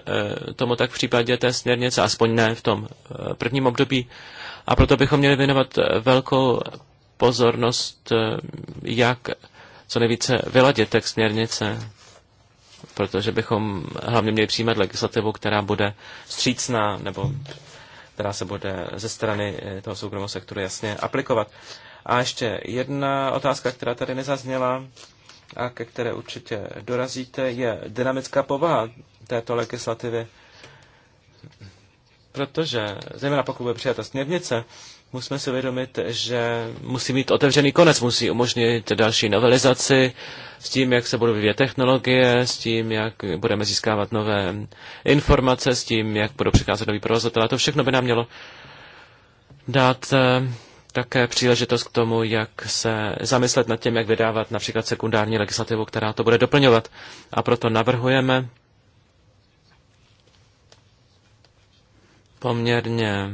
eh, tomu tak v případě té směrnice, aspoň ne v tom eh, prvním období. A proto bychom měli věnovat eh, velkou pozornost, eh, jak co nejvíce vyladit text směrnice, protože bychom hlavně měli přijímat legislativu, která bude střícná nebo která se bude ze strany eh, toho soukromého sektoru jasně aplikovat. A ještě jedna otázka, která tady nezazněla a ke které určitě dorazíte, je dynamická povaha této legislativy. Protože, zejména pokud bude přijata směrnice, musíme si uvědomit, že musí mít otevřený konec, musí umožnit další novelizaci s tím, jak se budou vyvíjet technologie, s tím, jak budeme získávat nové informace, s tím, jak budou přicházet noví A To všechno by nám mělo dát eh, také příležitost k tomu, jak se zamyslet nad tím, jak vydávat například sekundární legislativu, která to bude doplňovat. A proto navrhujeme poměrně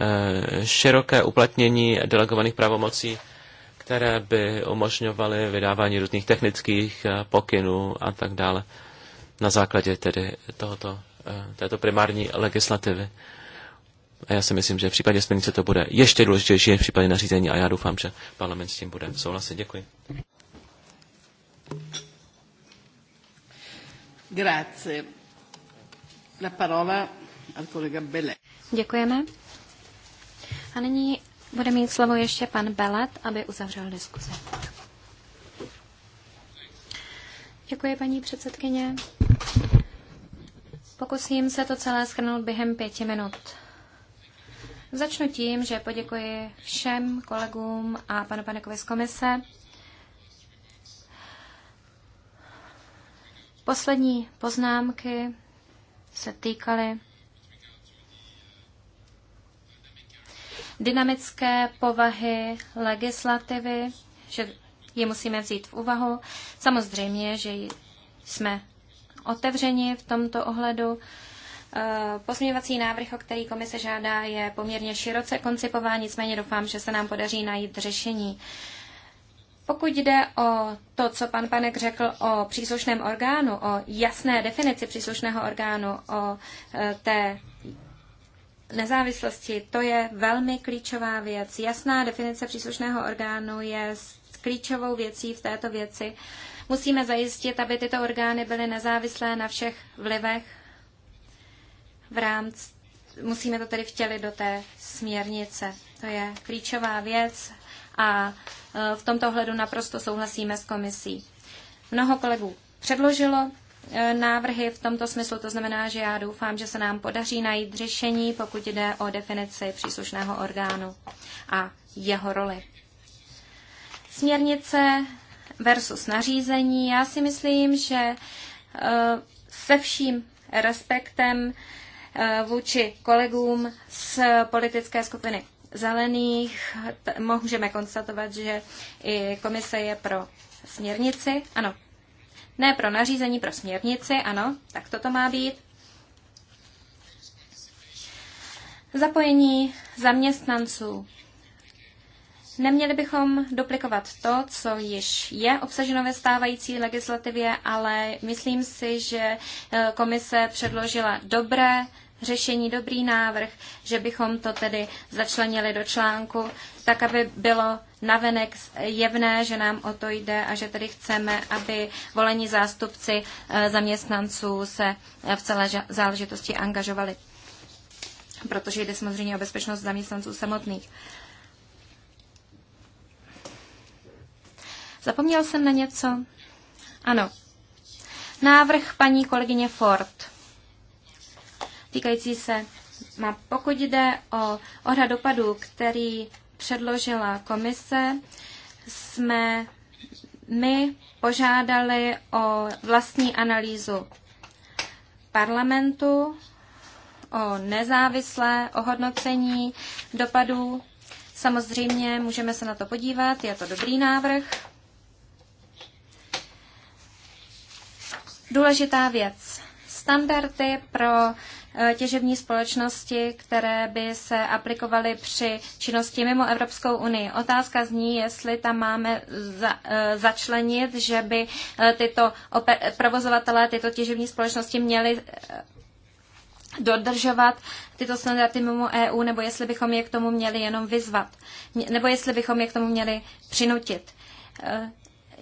Eh, široké uplatnění delegovaných pravomocí, které by umožňovaly vydávání různých technických eh, pokynů a tak dále na základě tedy tohoto, eh, této primární legislativy. A já si myslím, že v případě směrnice to bude ještě důležitější v případě nařízení a já doufám, že parlament s tím bude souhlasit. Děkuji. Grazie. La parola al collega Bellet. Děkujeme. A nyní bude mít slovo ještě pan Belet, aby uzavřel diskuzi. Děkuji, paní předsedkyně. Pokusím se to celé schrnout během pěti minut. Začnu tím, že poděkuji všem kolegům a panu Panekovi z komise. Poslední poznámky se týkaly dynamické povahy legislativy, že ji musíme vzít v úvahu. Samozřejmě, že jsme otevřeni v tomto ohledu. Eh, pozměňovací návrh, o který komise žádá, je poměrně široce koncipován, nicméně doufám, že se nám podaří najít řešení. Pokud jde o to, co pan Panek řekl o příslušném orgánu, o jasné definici příslušného orgánu, o eh, té nezávislosti, to je velmi klíčová věc. Jasná definice příslušného orgánu je klíčovou věcí v této věci. Musíme zajistit, aby tyto orgány byly nezávislé na všech vlivech v rámci. Musíme to tedy vtělit do té směrnice. To je klíčová věc a e, v tomto ohledu naprosto souhlasíme s komisí. Mnoho kolegů předložilo E, návrhy v tomto smyslu. To znamená, že já doufám, že se nám podaří najít řešení, pokud jde o definici příslušného orgánu a jeho roli. Směrnice versus nařízení. Já si myslím, že e, se vším respektem e, vůči kolegům z politické skupiny zelených můžeme konstatovat, že i komise je pro směrnici. Ano, ne pro nařízení, pro směrnici, ano, tak toto má být. Zapojení zaměstnanců. Neměli bychom duplikovat to, co již je obsaženo ve stávající legislativě, ale myslím si, že eh, komise předložila dobré řešení, dobrý návrh, že bychom to tedy začlenili do článku, tak aby bylo navenek jevné, že nám o to jde a že tedy chceme, aby volení zástupci eh, zaměstnanců se eh, v celé záležitosti angažovali. Protože jde samozřejmě o bezpečnost zaměstnanců samotných. Zapomněl jsem na něco? Ano. Návrh paní kolegyně Ford týkající se má Pokud jde o odhad dopadu, který předložila komise, jsme my požádali o vlastní analýzu parlamentu, o nezávislé ohodnocení dopadů. Samozřejmě můžeme se na to podívat, je to dobrý návrh. Důležitá věc. Standardy pro Eh, těžební společnosti, které by se aplikovaly při činnosti mimo Evropskou unii. Otázka zní, jestli tam máme za, eh, začlenit, že by eh, tyto provozovatelé, tyto těžební společnosti měly dodržovat tyto standardy mimo EU, nebo jestli bychom je k tomu měli jenom vyzvat, nebo jestli bychom je k tomu měli přinutit.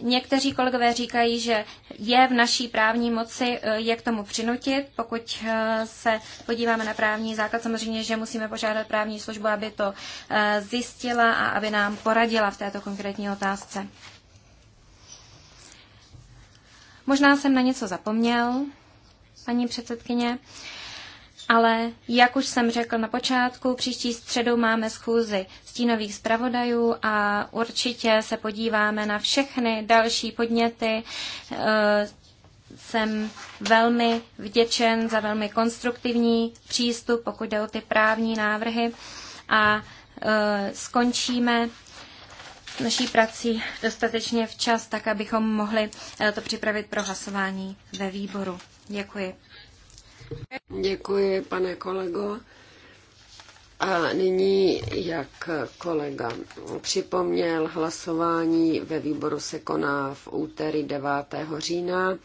Někteří kolegové říkají, že je v naší právní moci eh, je k tomu přinutit. Pokud eh, se podíváme na právní základ, samozřejmě, že musíme požádat právní službu, aby to eh, zjistila a aby nám poradila v této konkrétní otázce. Možná jsem na něco zapomněl, paní předsedkyně. Ale jak už jsem řekl na počátku, příští středu máme schůzi stínových zpravodajů a určitě se podíváme na všechny další podněty. E, jsem velmi vděčen za velmi konstruktivní přístup, pokud jde o ty právní návrhy. A e, skončíme naší prací dostatečně včas, tak abychom mohli e, to připravit pro hlasování ve výboru. Děkuji. Děkuji, pane kolego. A nyní, jak kolega připomněl, hlasování ve výboru se koná v úterý 9. října.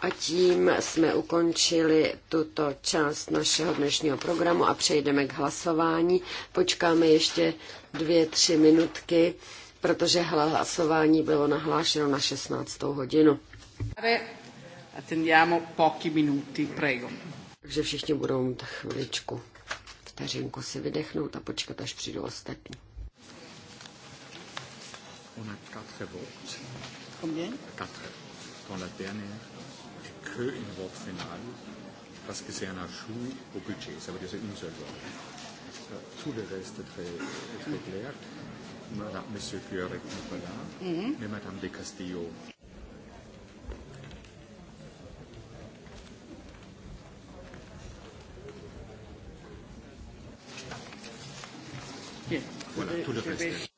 A tím jsme ukončili tuto část našeho dnešního programu a přejdeme k hlasování. Počkáme ještě dvě, tři minutky, protože hlasování bylo nahlášeno na 16. hodinu. Attendiamo pochi minuti, prego. Takže všichni budou mít chviličku, vteřinku si vydechnout a počkat, až přijdou ostatní. On a quatre votes. Combien? Quatre. Dans la dernière, et que une vote finale, parce que c'est un ajout au budget. Ça veut dire c'est une seule vote. Euh, tout le reste est très, très clair. Madame, Monsieur Fiorec n'est pas là, mm -hmm. mais Madame de Castillo Voilà, tout le reste.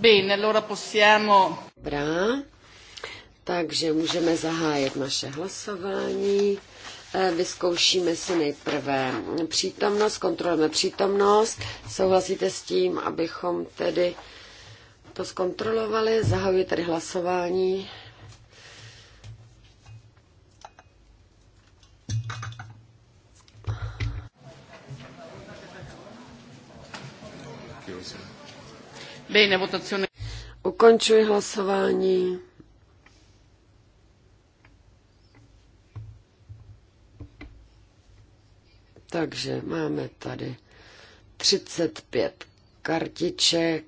Bene, allora possiamo... Dobrá, takže můžeme zahájit naše hlasování. Eh, vyzkoušíme si nejprve přítomnost, kontrolujeme přítomnost. Souhlasíte s tím, abychom tedy to zkontrolovali? Zahajuji tedy hlasování. Ukončuji hlasování. Takže máme tady 35 kartiček,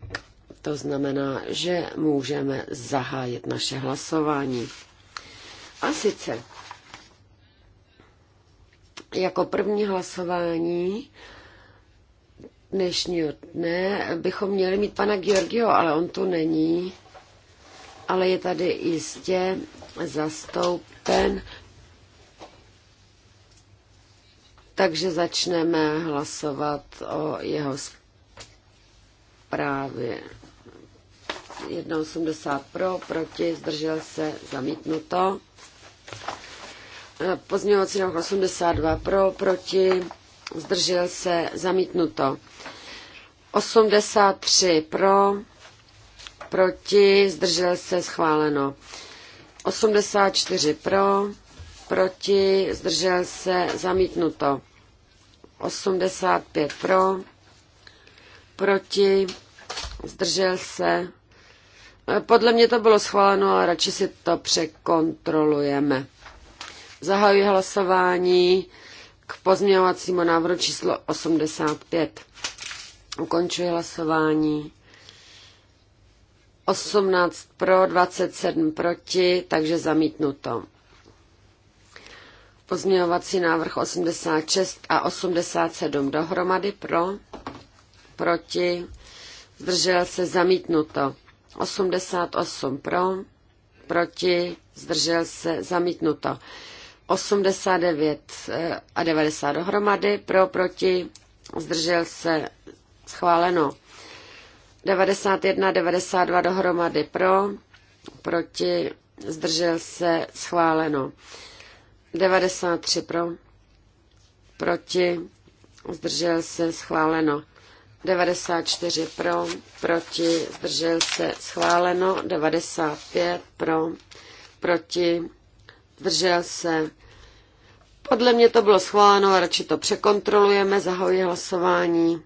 to znamená, že můžeme zahájit naše hlasování. A sice jako první hlasování dnešního dne bychom měli mít pana Georgio, ale on tu není. Ale je tady jistě zastoupen. Takže začneme hlasovat o jeho zprávě. 1,80 pro, proti, zdržel se, zamítnuto. Pozměňovací návrh 82 pro, proti, zdržel se, zamítnuto. 83 pro, proti, zdržel se, schváleno. 84 pro, proti, zdržel se, zamítnuto. 85 pro, proti, zdržel se. E, podle mě to bylo schváleno, ale radši si to překontrolujeme. Zahajuji hlasování k pozměňovacímu návrhu číslo 85. Ukončuji hlasování. 18 pro, 27 proti, takže zamítnuto. Pozměňovací návrh 86 a 87 dohromady pro, proti, zdržel se zamítnuto. 88 pro, proti, zdržel se zamítnuto. 89 eh, a 90 dohromady, pro, proti, zdržel se, schváleno. 91, 92 dohromady pro, proti, zdržel se, schváleno. 93 pro, proti, zdržel se, schváleno. 94 pro, proti, zdržel se, schváleno. 95 pro, proti, zdržel se. Podle mě to bylo schváleno, ale radši to překontrolujeme, zahajuji hlasování.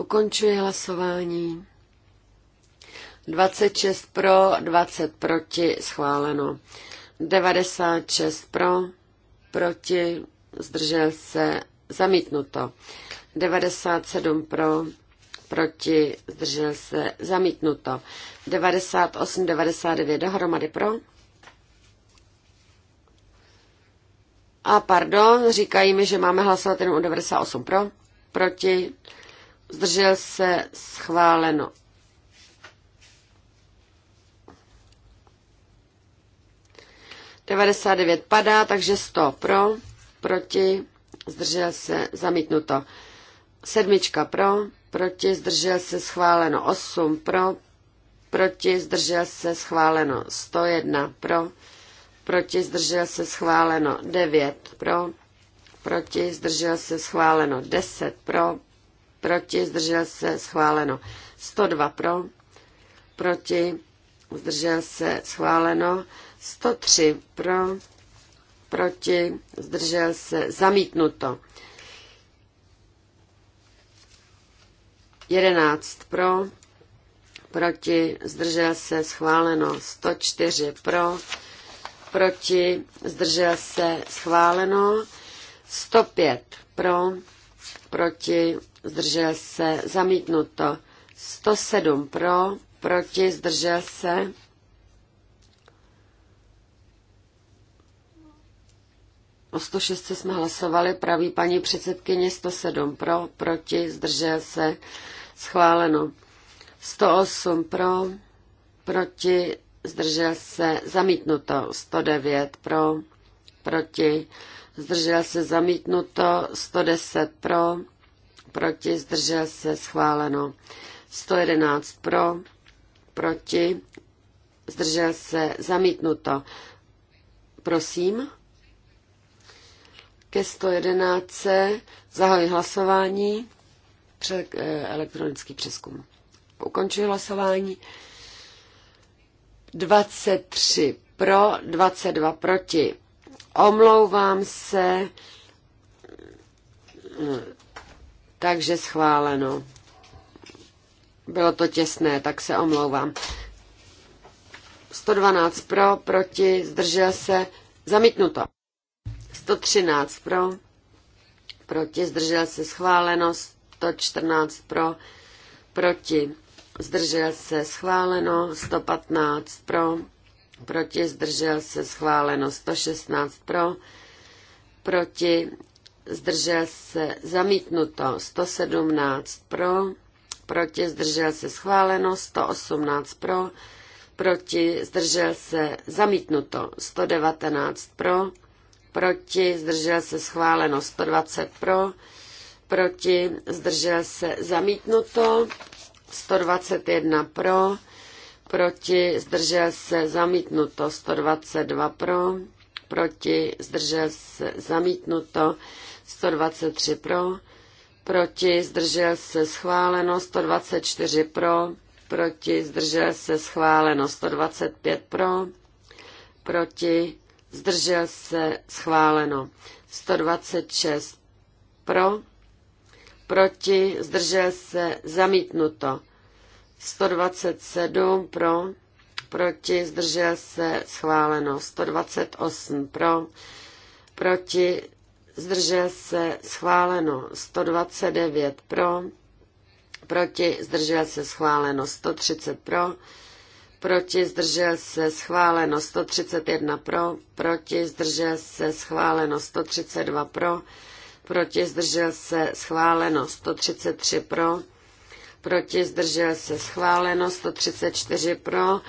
Ukončuji hlasování. 26 pro, 20 proti, schváleno. 96 pro, proti, zdržel se, zamítnuto. 97 pro, proti, zdržel se, zamítnuto. 98, 99 dohromady pro. A pardon, říkají mi, že máme hlasovat jenom o 98 pro, proti, zdržel se, schváleno. Devadesát devět padá, takže sto pro, proti, zdržel se, zamítnuto. Sedmička pro, proti, zdržel se schváleno 8 pro, proti, zdržel se schváleno 101 pro, proti, zdržel se schváleno 9 pro, proti, zdržel se schváleno 10 pro, proti, zdržel se schváleno 102 pro, proti, zdržel se schváleno 103 pro, proti, zdržel se zamítnuto. 11 pro, proti, zdržel se, schváleno 104 pro, proti, zdržel se, schváleno 105 pro, proti, zdržel se, zamítnuto 107 pro, proti, zdržel se, O 106 jsme hlasovali, praví paní předsedkyně 107 pro, proti, zdržel se, schváleno. 108 pro, proti, zdržel se, zamítnuto. 109 pro, proti, zdržel se, zamítnuto. 110 pro, proti, zdržel se, schváleno. 111 pro, proti, zdržel se, zamítnuto. Prosím ke 111. Zahajuji hlasování. pře- eh, elektronický přeskum. Ukončuji hlasování. 23 pro, 22 proti. Omlouvám se. Takže schváleno. Bylo to těsné, tak se omlouvám. 112 pro, proti, zdržel se, zamítnuto. 113 pro, proti, zdržel se schváleno, 114 pro, proti, zdržel se schváleno, 115 pro, proti, zdržel se schváleno, 116 pro, proti, zdržel se zamítnuto, 117 pro, proti, zdržel se schváleno, 118 pro, proti, zdržel se zamítnuto, 119 pro, proti, zdržel se schváleno 120 pro, proti, zdržel se zamítnuto, 121 pro, proti, zdržel se zamítnuto, 122 pro, proti, zdržel se zamítnuto, 123 pro, proti, zdržel se schváleno, 124 pro, proti, zdržel se schváleno, 125 pro, proti, zdržel se, schváleno. 126 pro, proti, zdržel se, zamítnuto. 127 pro, proti, zdržel se, schváleno. 128 pro, proti, zdržel se, schváleno. 129 pro, proti, zdržel se, schváleno. 130 pro, proti zdržel se schváleno 131 pro, proti zdržel se schváleno 132 pro, proti zdržel se schváleno 133 pro, proti zdržel se schváleno 134 pro,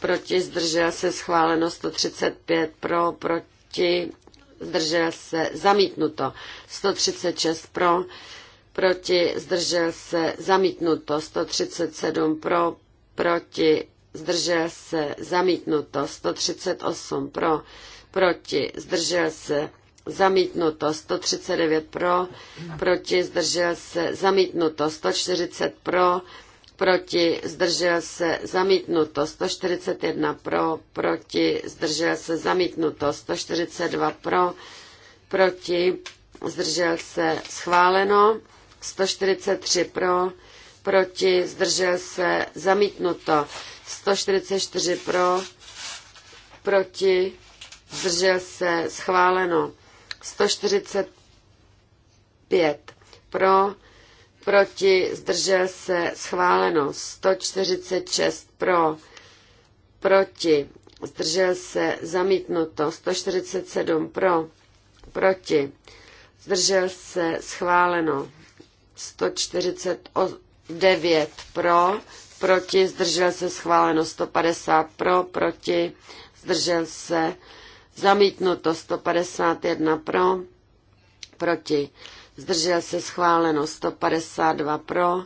proti zdržel se schváleno 135 pro, proti zdržel se zamítnuto 136 pro, proti zdržel se zamítnuto 137 pro, proti zdržel se, zamítnuto 138 pro, proti, zdržel se, zamítnuto 139 pro, proti, zdržel se, zamítnuto 140 pro, proti, zdržel se, zamítnuto 141 pro, proti, zdržel se, zamítnuto 142 pro, proti, zdržel se, schváleno 143 pro, proti, zdržel se, zamítnuto 144 pro, proti, zdržel se, schváleno. 145 pro, proti, zdržel se, schváleno. 146 pro, proti, zdržel se, zamítnuto. 147 pro, proti, zdržel se, schváleno. 149 pro, proti, zdržel se schváleno 150 pro, proti, zdržel se zamítnuto 151 pro, proti, zdržel se schváleno 152 pro,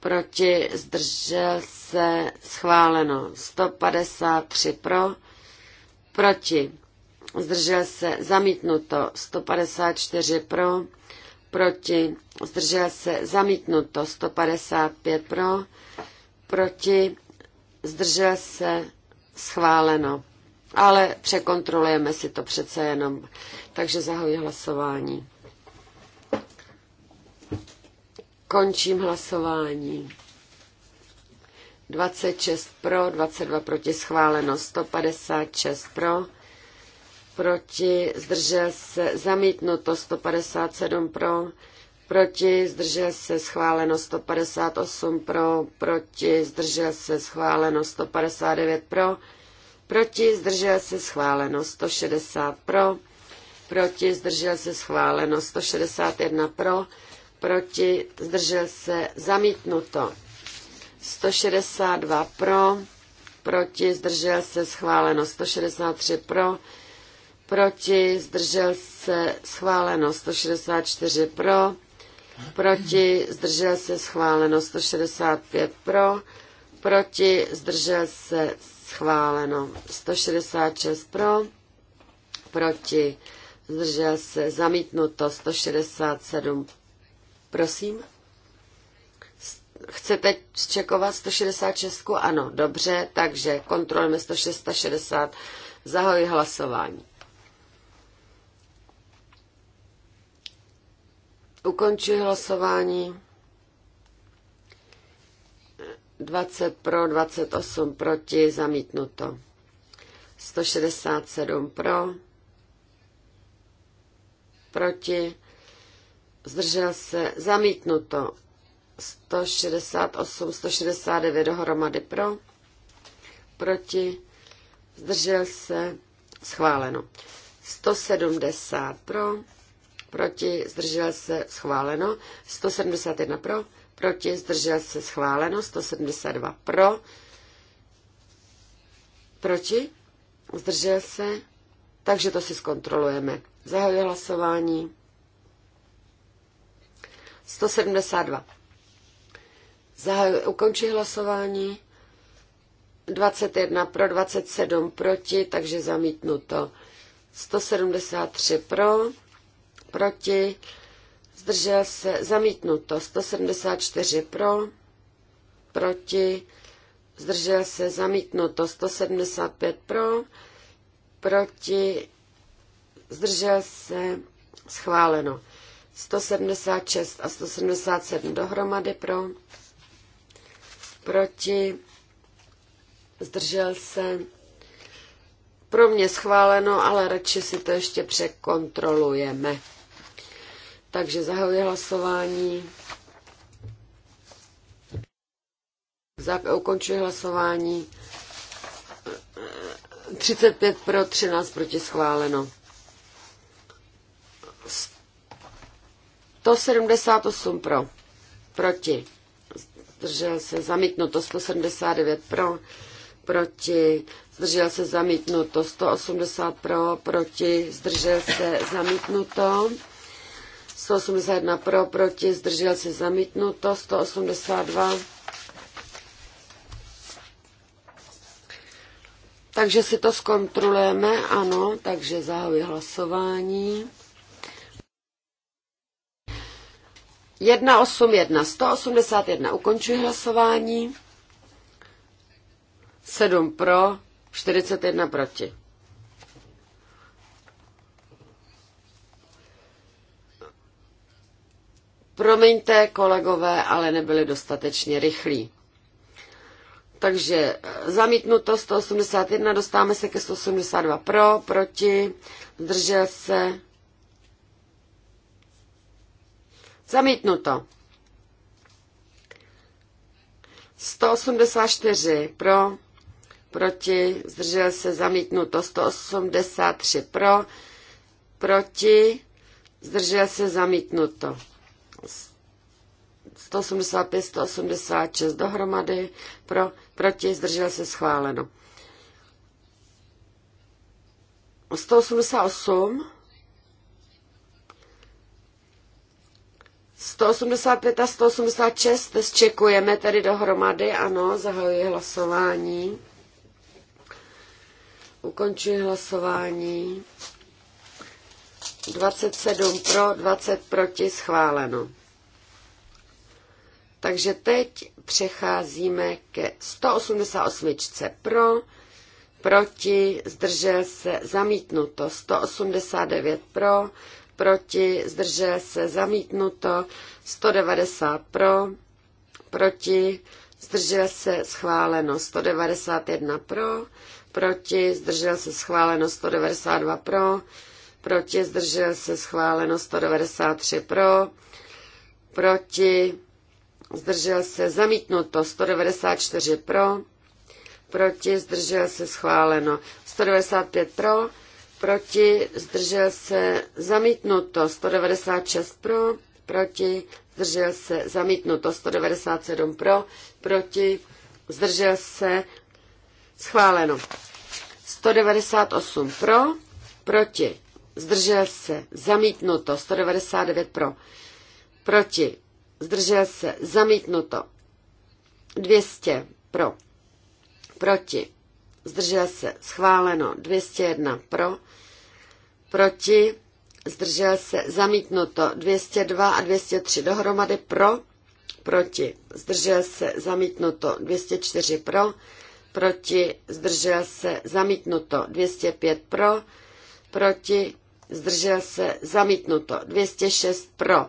proti, zdržel se schváleno 153 pro, proti, zdržel se zamítnuto 154 pro, proti, zdržel se zamítnuto 155 pro, proti, zdržel se, schváleno. Ale překontrolujeme si to přece jenom. Takže zahoji hlasování. Končím hlasování. 26 pro, 22 proti schváleno, 156 pro, proti zdržel se zamítnuto, 157 pro, proti, zdržel se schváleno 158 pro, proti, zdržel se schváleno 159 pro, proti, zdržel se schváleno 160 pro, proti, zdržel se schváleno 161 pro, proti, zdržel se zamítnuto 162 pro, proti, zdržel se schváleno 163 pro, proti, zdržel se schváleno 164 pro, proti, zdržel se schváleno 165 pro, proti, zdržel se schváleno 166 pro, proti, zdržel se zamítnuto 167. Prosím? Chcete zčekovat 166? Ano, dobře, takže kontrolujeme 166. Zahoj hlasování. Ukončuji hlasování. 20 pro, 28 proti, zamítnuto. 167 pro, proti, zdržel se, zamítnuto. 168, 169 dohromady pro, proti, zdržel se, schváleno. 170 pro, proti, zdržel se, schváleno, 171 pro, proti, zdržel se, schváleno, 172 pro, proti, zdržel se, takže to si zkontrolujeme. Zahajuji hlasování. 172. Zahajuji, ukončí hlasování. 21 pro, 27 proti, takže zamítnuto. 173 pro proti, zdržel se, zamítnuto 174 pro, proti, zdržel se, zamítnuto 175 pro, proti, zdržel se, schváleno 176 a 177 dohromady pro, proti, zdržel se, pro mě schváleno, ale radši si to ještě překontrolujeme. Takže zahajuji hlasování. Zap, ukončuji hlasování. 35 pro, 13 proti schváleno. 178 pro, proti. Zdržel se zamítnuto 179 pro, proti. Zdržel se zamítnuto 180 pro, proti. Zdržel se zamítnuto. 181 pro, proti, zdržel se zamítnuto, 182. Takže si to zkontrolujeme, ano, takže zahajuji hlasování. 181, 181, ukončuji hlasování. 7 pro, 41 proti. Promiňte, kolegové, ale nebyli dostatečně rychlí. Takže eh, zamítnuto 181, dostáváme se ke 182 pro, proti, zdržel se. Zamítnuto. 184 pro, proti, zdržel se, zamítnuto. 183 pro, proti, zdržel se, zamítnuto. 185, 186 dohromady, pro, proti, zdržel se schváleno. 188, 185 a 186 zčekujeme tedy dohromady, ano, zahajuji hlasování. Ukončuji hlasování. 27 pro, 20 proti, schváleno. Takže teď přecházíme ke 188 pro, proti, zdržel se, zamítnuto, 189 pro, proti, zdržel se, zamítnuto, 190 pro, proti, zdržel se, schváleno, 191 pro, proti, zdržel se, schváleno, 192 pro, proti, zdržel se, schváleno, 193 pro, proti, zdržel se zamítnuto 194 pro, proti zdržel se schváleno 195 pro, proti zdržel se zamítnuto 196 pro, proti zdržel se zamítnuto 197 pro, proti zdržel se schváleno 198 pro, proti zdržel se zamítnuto 199 pro, proti zdržel se, zamítnuto. 200 pro, proti, zdržel se, schváleno. 201 pro, proti, zdržel se, zamítnuto. 202 a 203 dohromady pro, proti, zdržel se, zamítnuto. 204 pro, proti, zdržel se, zamítnuto. 205 pro, proti, zdržel se, zamítnuto. 206 pro,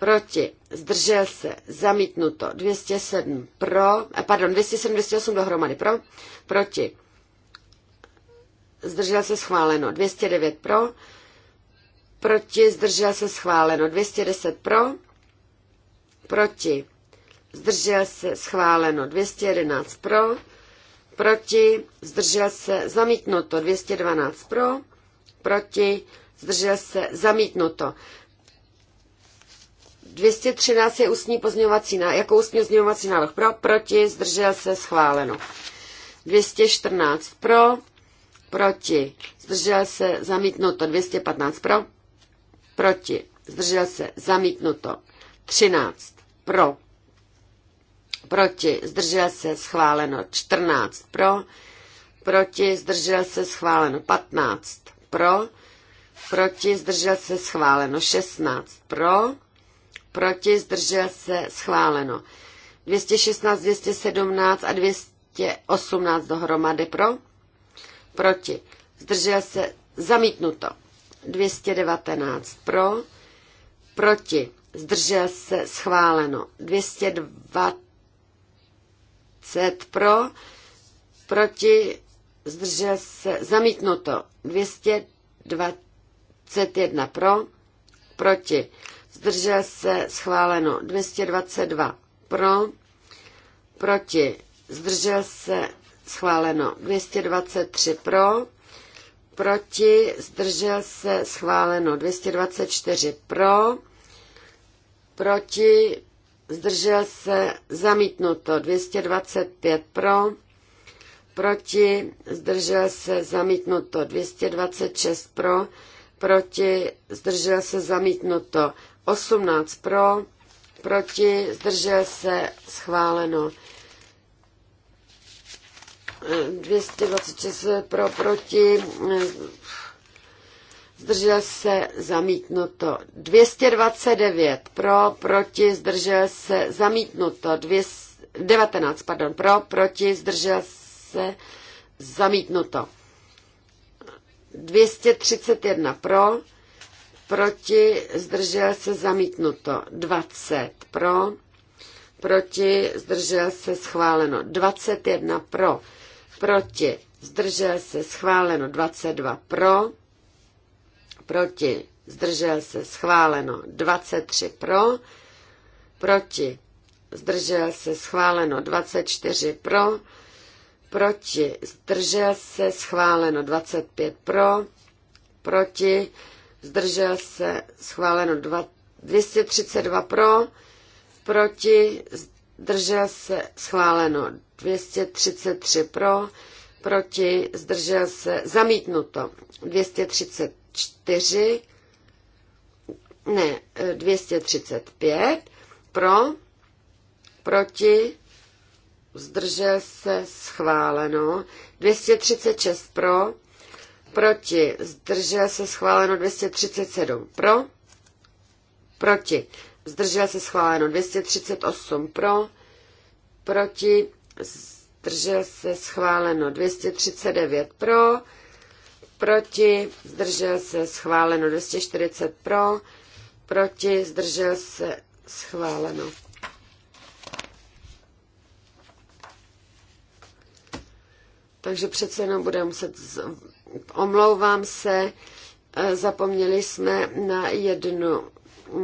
proti, zdržel se, zamítnuto, 207 pro, eh, pardon, 278 dohromady pro, proti, zdržel se schváleno, 209 pro, proti, zdržel se schváleno, 210 pro, proti, zdržel se schváleno, 211 pro, proti, zdržel se zamítnuto, 212 pro, proti, zdržel se zamítnuto, 213 je ústní pozměňovací návrh, jako ústní pozměňovací návrh pro, proti, zdržel se, schváleno. 214 pro, proti, zdržel se, zamítnuto. 215 pro, proti, zdržel se, zamítnuto. 13 pro, proti, zdržel se, schváleno. 14 pro, proti, zdržel se, schváleno. 15 pro, proti, zdržel se, schváleno. 16 pro, proti, zdržel se, schváleno. 216, 217 a 218 dohromady pro, proti, zdržel se, zamítnuto. 219 pro, proti, zdržel se, schváleno. 220 pro, proti, zdržel se, zamítnuto. 221 pro, proti, zdržel se, schváleno 222 pro, proti, zdržel se, schváleno 223 pro, proti, zdržel se, schváleno 224 pro, proti, zdržel se, zamítnuto 225 pro, proti, zdržel se, zamítnuto 226 pro, proti, zdržel se, zamítnuto 18 pro, proti, zdržel se, schváleno. 226 e, e, pro, proti, zdržel se, zamítnuto. 229 pro, proti, zdržel se, zamítnuto. 19, pardon, pro, proti, zdržel se, zamítnuto. 231 pro, proti, zdržel se zamítnuto 20 pro, proti, zdržel se schváleno 21 pro, proti, zdržel se schváleno 22 pro, proti, zdržel se schváleno 23 pro, proti, zdržel se schváleno 24 pro, proti, zdržel se schváleno 25 pro, proti, zdržel se, schváleno 232 pro, proti, zdržel se, schváleno 233 pro, proti, zdržel se, zamítnuto 234, ne, 235 pro, proti, zdržel se, schváleno 236 pro, proti, zdržel se schváleno 237 pro, proti, zdržel se schváleno 238 pro, proti, zdržel se schváleno 239 pro, proti, zdržel se schváleno 240 pro, proti, zdržel se schváleno. Takže přece jenom budeme muset Omlouvám se, e, zapomněli jsme na jednu,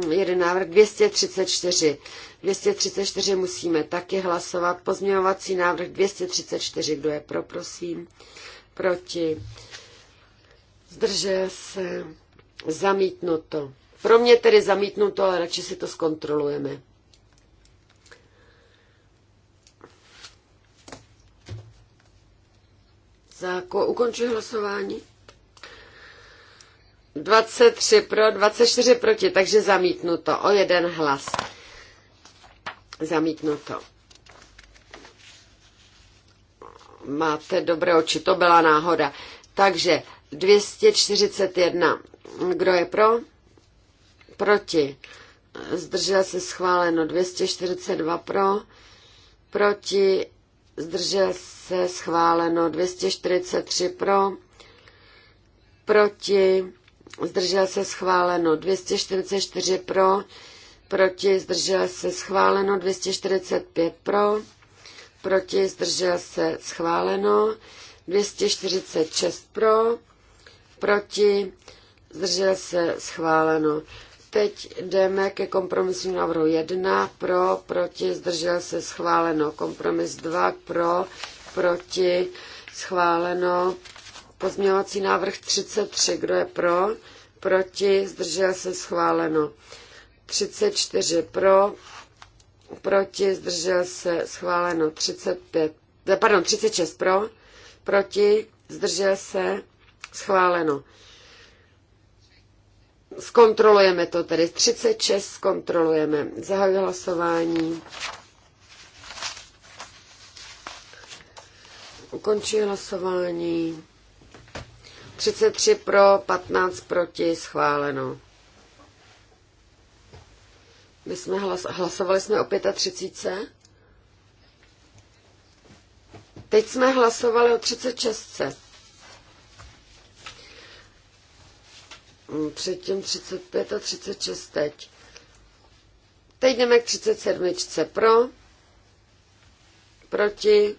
jeden návrh 234. 234 musíme taky hlasovat. Pozměňovací návrh 234. Kdo je pro, prosím? Proti? Zdržel se? Zamítnuto. Pro mě tedy zamítnuto, ale radši si to zkontrolujeme. Záko, ukončuji hlasování. 23 pro, 24 proti, takže zamítnuto o jeden hlas. Zamítnuto. Máte dobré oči, to byla náhoda. Takže 241. Kdo je pro? Proti. Zdržel se schváleno 242 pro, proti zdržel se schváleno 243 pro, proti, zdržel se schváleno 244 pro, proti, zdržel se schváleno 245 pro, proti, zdržel se schváleno 246 pro, proti, zdržel se schváleno Teď jdeme ke kompromisu návrhu 1 pro, proti, zdržel se schváleno. Kompromis 2 pro, proti, schváleno. Pozměňovací návrh 33, kdo je pro, proti, zdržel se schváleno. 34 pro, proti, zdržel se schváleno. 35, pardon, 36 pro, proti, zdržel se schváleno. Zkontrolujeme to tedy. 36 zkontrolujeme. Zahajuji hlasování. Ukončuji hlasování. 33 pro, 15 proti, schváleno. My jsme hlas, hlasovali jsme o 35. Teď jsme hlasovali o 36. Mm, předtím 35 a 36 teď. Teď jdeme k 37. Pro, proti,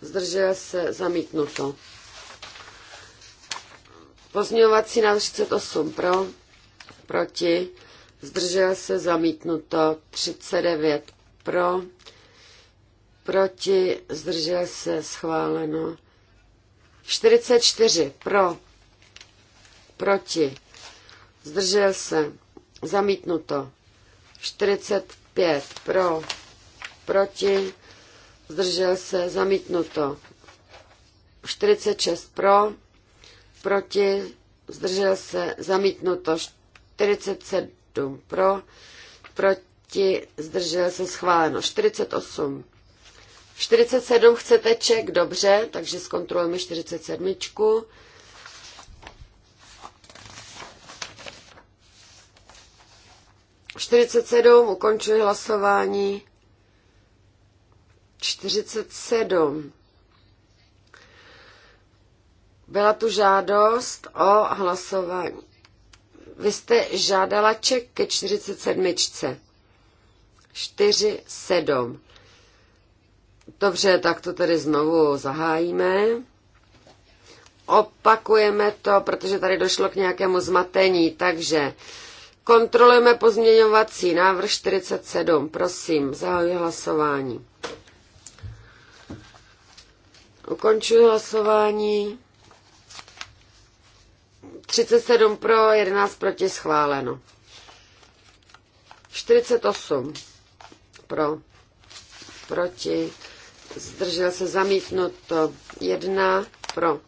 zdržel se, zamítnuto. Pozměňovací návrh 38 pro, proti, zdržel se, zamítnuto. 39 pro, proti, zdržel se, schváleno. 44 pro, proti, zdržel se, zamítnuto, 45 pro, proti, zdržel se, zamítnuto, 46 pro, proti, zdržel se, zamítnuto, 47 pro, proti, zdržel se, schváleno, 48 47 chcete ček, dobře, takže zkontrolujeme 47. 47, ukončuji hlasování. 47. Byla tu žádost o hlasování. Vy jste žádala ček ke 47. 4, 7. Dobře, tak to tedy znovu zahájíme. Opakujeme to, protože tady došlo k nějakému zmatení, takže Kontrolujeme pozměňovací návrh 47. Prosím, zahajuji hlasování. Ukončuji hlasování. 37 pro, 11 proti schváleno. 48 pro, proti, zdržel se zamítnuto, 1 pro,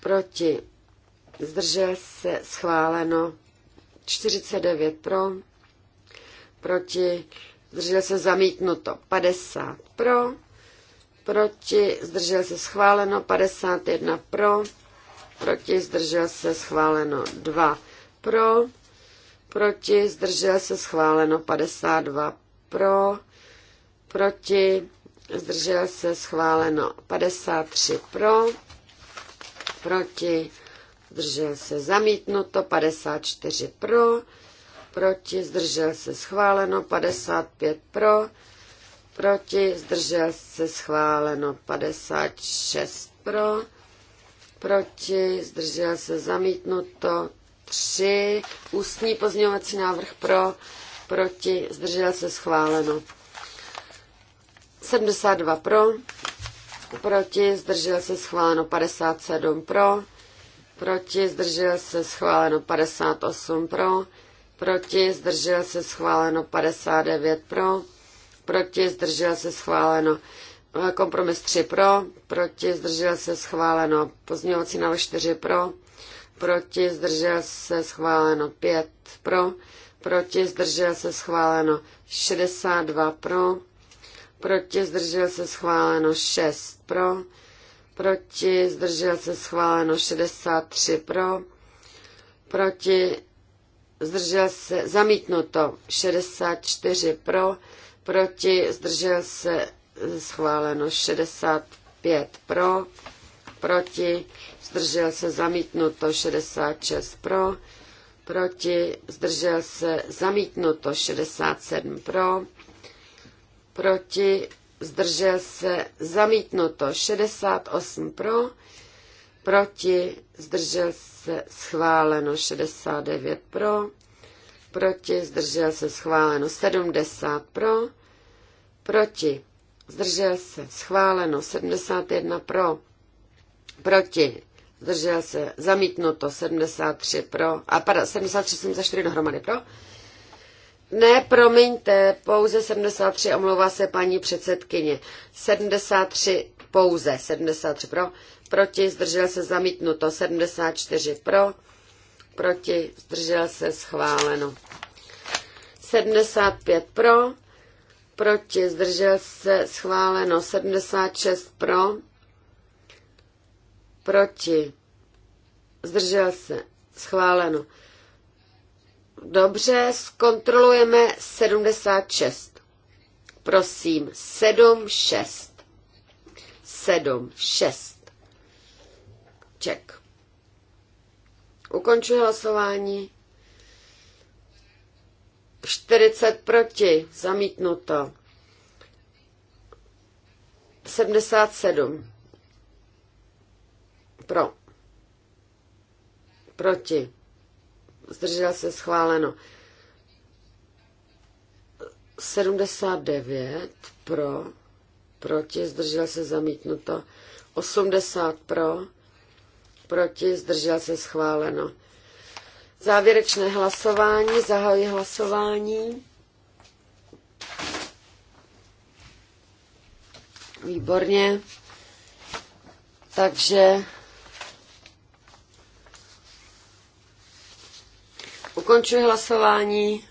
proti, zdržel se schváleno, 49 pro, proti, zdržel se zamítnuto 50 pro, proti, zdržel se schváleno 51 pro, proti, zdržel se schváleno 2 pro, proti, zdržel se schváleno 52 pro, proti, zdržel se schváleno 53 pro, proti, zdržel se zamítnuto, 54 pro, proti, zdržel se schváleno, 55 pro, proti, zdržel se schváleno, 56 pro, proti, zdržel se zamítnuto, 3, ústní pozměňovací návrh pro, proti, zdržel se schváleno. 72 pro, proti, zdržel se schváleno 57 pro, proti, zdržel se schváleno 58 pro, proti, zdržel se schváleno 59 pro, proti, zdržel se schváleno eh, kompromis 3 pro, proti, zdržel se schváleno pozměňovací návrh 4 pro, proti, zdržel se schváleno 5 pro, proti, zdržel se schváleno 62 pro, proti, zdržel se schváleno 6 pro, proti, zdržel se schváleno 63 pro, proti, zdržel se, zamítnuto 64 pro, proti, zdržel se schváleno 65 pro, proti, zdržel se zamítnuto 66 pro, proti, zdržel se zamítnuto 67 pro, proti, zdržel se, zamítnuto 68 pro, proti, zdržel se, schváleno 69 pro, proti, zdržel se, schváleno 70 pro, proti, zdržel se, schváleno 71 pro, proti, zdržel se, zamítnuto 73 pro, a pardon, 73 jsem za 4 dohromady pro, ne, promiňte, pouze 73, omlouvá se paní předsedkyně. 73 pouze, 73 pro, proti, zdržel se zamítnuto, 74 pro, proti, zdržel se schváleno. 75 pro, proti, zdržel se schváleno, 76 pro, proti, zdržel se schváleno. Dobře, zkontrolujeme 76. Prosím, 7, 6. 7, 6. Ček. Ukončuji hlasování. 40 proti, zamítnuto. 77. Pro. Proti zdržel se schváleno. 79 pro, proti, zdržel se zamítnuto. 80 pro, proti, zdržel se schváleno. Závěrečné hlasování, zahajuji hlasování. Výborně. Takže Ukončuji hlasování.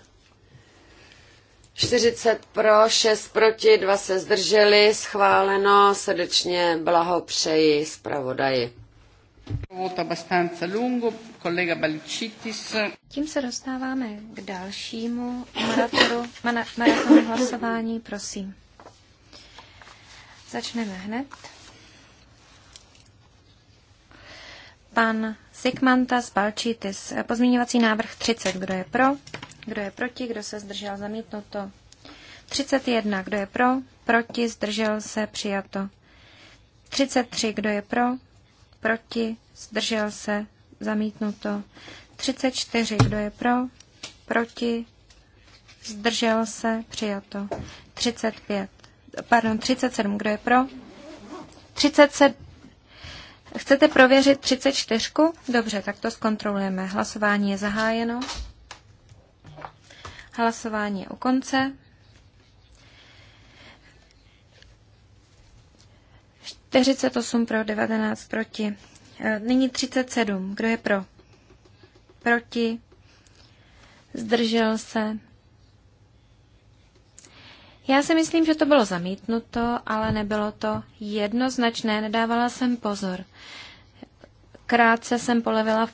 40 pro, 6 proti, 2 se zdrželi, schváleno, srdečně blahopřeji zpravodaji. Tím se dostáváme k dalšímu maratoru, maratonu hlasování, prosím. Začneme hned. Pan Sigmantas Balčitis. Pozměňovací návrh 30. Kdo je pro? Kdo je proti? Kdo se zdržel? Zamítnuto. 31. Kdo je pro? Proti? Zdržel se? Přijato. 33. Kdo je pro? Proti? Zdržel se? Zamítnuto. 34. Kdo je pro? Proti? Zdržel se? Přijato. 35. Pardon, 37. Kdo je pro? 37. Chcete prověřit 34? Dobře, tak to zkontrolujeme. Hlasování je zahájeno. Hlasování je u konce. 48 pro, 19 proti. E, nyní 37. Kdo je pro? Proti. Zdržel se. Já si myslím, že to bylo zamítnuto, ale nebylo to jednoznačné, nedávala jsem pozor. Krátce jsem polevila v,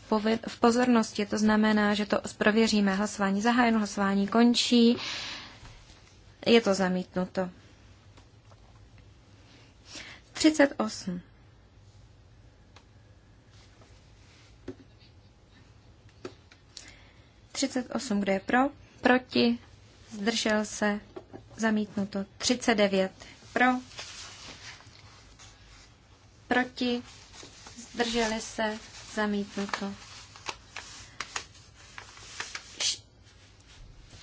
v pozornosti, to znamená, že to prověříme. Hlasování zahájeno, hlasování končí, je to zamítnuto. 38. Třicet osm, kdo je pro? Proti? Zdržel se? Zamítnuto. 39 pro. Proti. Zdrželi se. Zamítnuto.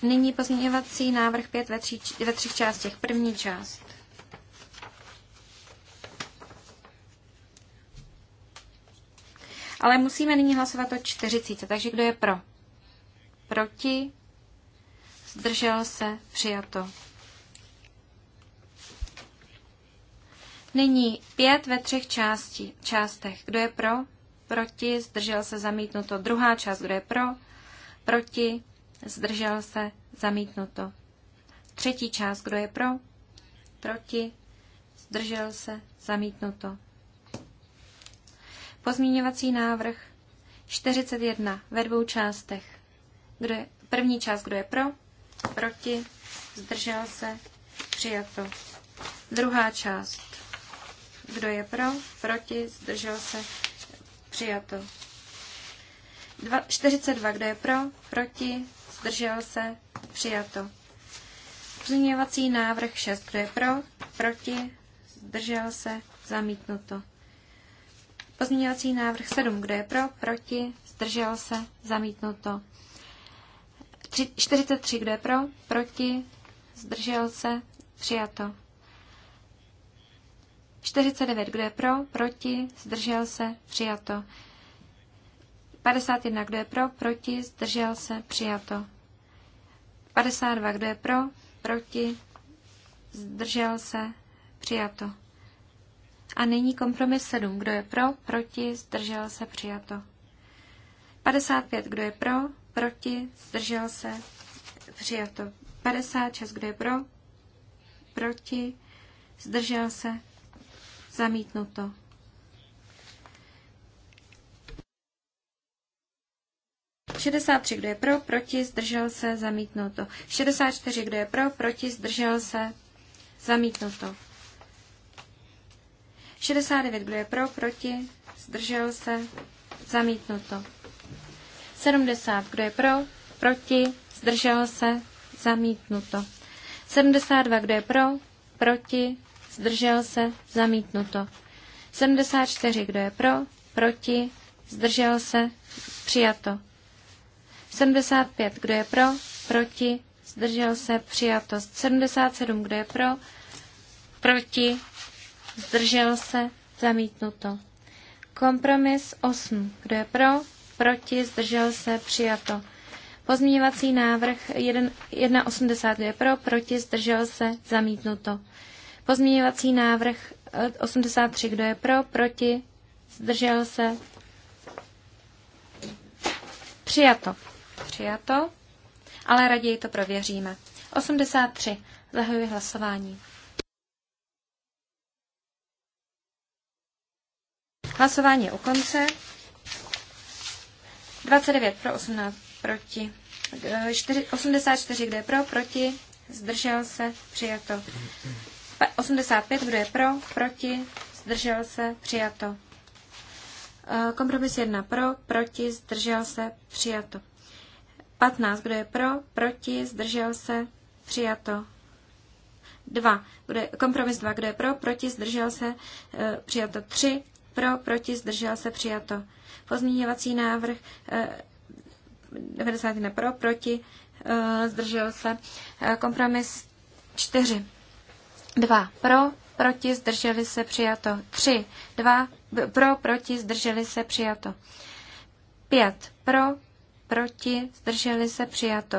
Nyní pozměňovací návrh 5 ve, tří, ve třích částech. První část. Ale musíme nyní hlasovat o 40, takže kdo je pro? Proti? Zdržel se? Přijato. Nyní pět ve třech části, částech. Kdo je pro? Proti? Zdržel se zamítnuto. Druhá část. Kdo je pro? Proti? Zdržel se zamítnuto. Třetí část. Kdo je pro? Proti? Zdržel se zamítnuto. Pozmíňovací návrh 41 ve dvou částech. Kdo je, první část, kdo je pro, proti, zdržel se, přijato. Druhá část, kdo je pro? Proti? Zdržel se? Přijato. Dva, 42. Kdo je pro? Proti? Zdržel se? Přijato. Pozměňovací návrh 6. Kdo je pro? Proti? Zdržel se? Zamítnuto. Pozměňovací návrh 7. Kdo je pro? Proti? Zdržel se? Zamítnuto. 43. Kdo je pro? Proti? Zdržel se? Přijato. 49, kdo je pro, proti, zdržel se, přijato. 51, kdo je pro, proti, zdržel se, přijato. 52, kdo je pro, proti, zdržel se, přijato. A nyní kompromis 7, kdo je pro, proti, zdržel se, přijato. 55, kdo je pro, proti, zdržel se, přijato. 56, kdo je pro, proti, zdržel se, Zamítnuto. Šedesátři, kdo je pro, proti, zdržel se, zamítnuto. Šedesát kdo je pro, proti, zdržel se, zamítnuto. 69, kdo je pro, proti, zdržel se, zamítnuto. 70, kdo je pro, proti, zdržel se, zamítnuto. 72, kdo je pro, proti, zdržel se, zamítnuto. 74, kdo je pro, proti, zdržel se, přijato. 75, kdo je pro, proti, zdržel se, přijato. 77, kdo je pro, proti, zdržel se, zamítnuto. Kompromis 8, kdo je pro, proti, zdržel se, přijato. Pozměňovací návrh 1,80 je pro, proti, zdržel se, zamítnuto. Pozměňovací návrh 83, eh, kdo je pro, proti, zdržel se. Přijato. Přijato, ale raději to prověříme. 83. Zahajuji hlasování. Hlasování je u konce. 29 pro 18 proti. 84, eh, kde je pro, proti, zdržel se, přijato. 85, kdo je pro, proti, zdržel se, přijato. E, kompromis 1 pro, proti, zdržel se, přijato. 15, kdo je pro, proti, zdržel se, přijato. 2, kdo je, kompromis 2, kdo je pro, proti, zdržel se, e, přijato. 3, pro, proti, zdržel se, přijato. Pozměňovací návrh 91 e, pro, proti, zdržel se. Kompromis 4 2 pro, proti, zdrželi se přijato. 3, 2 pro, proti, zdrželi se přijato. 5 pro, proti, zdrželi se přijato.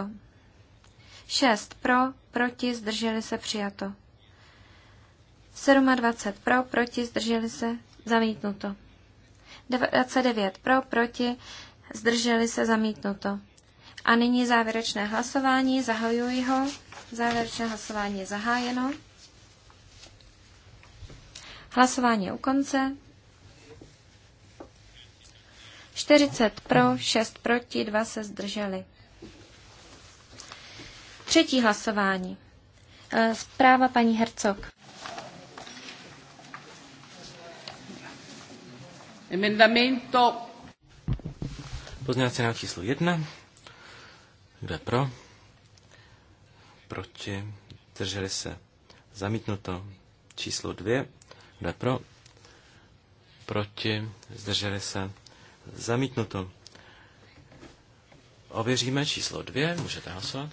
6 pro, proti, zdrželi se přijato. 27 pro, proti, zdrželi se zamítnuto. 29 pro, proti, zdrželi se zamítnuto. A nyní závěrečné hlasování, zahajuji ho. Závěrečné hlasování je zahájeno. Hlasování je u konce. 40 pro, 6 proti, 2 se zdrželi. Třetí hlasování. E, zpráva paní Hercog. Emendamento. Pozměňovací návrh číslo 1. Kde pro? Proti. Drželi se. Zamítnuto. Číslo 2. Kde pro? Proti? Zdrželi se? Zamítnuto. Ověříme číslo dvě, můžete hlasovat.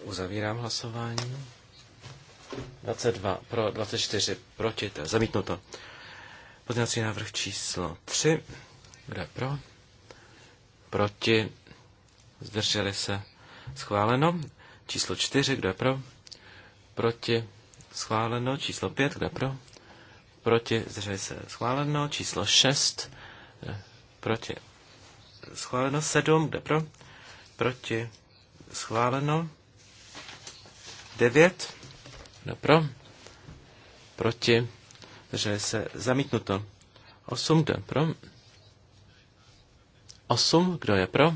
Uzavírám hlasování. 22 pro, 24 proti, to je zamítnuto. Pozměňovací návrh číslo 3. Kdo pro? Proti? Zdrželi se? Schváleno. Číslo 4, kdo je pro? Proti. Schváleno. Číslo 5, kdo je pro? Proti. Zdrželi se. Schváleno. Číslo 6, eh, proti. Schváleno. 7, kdo je pro? Proti. Schváleno. 9, kdo je pro? Proti. Zdrželi se. Zamítnuto. 8, kdo je pro? 8, kdo je pro?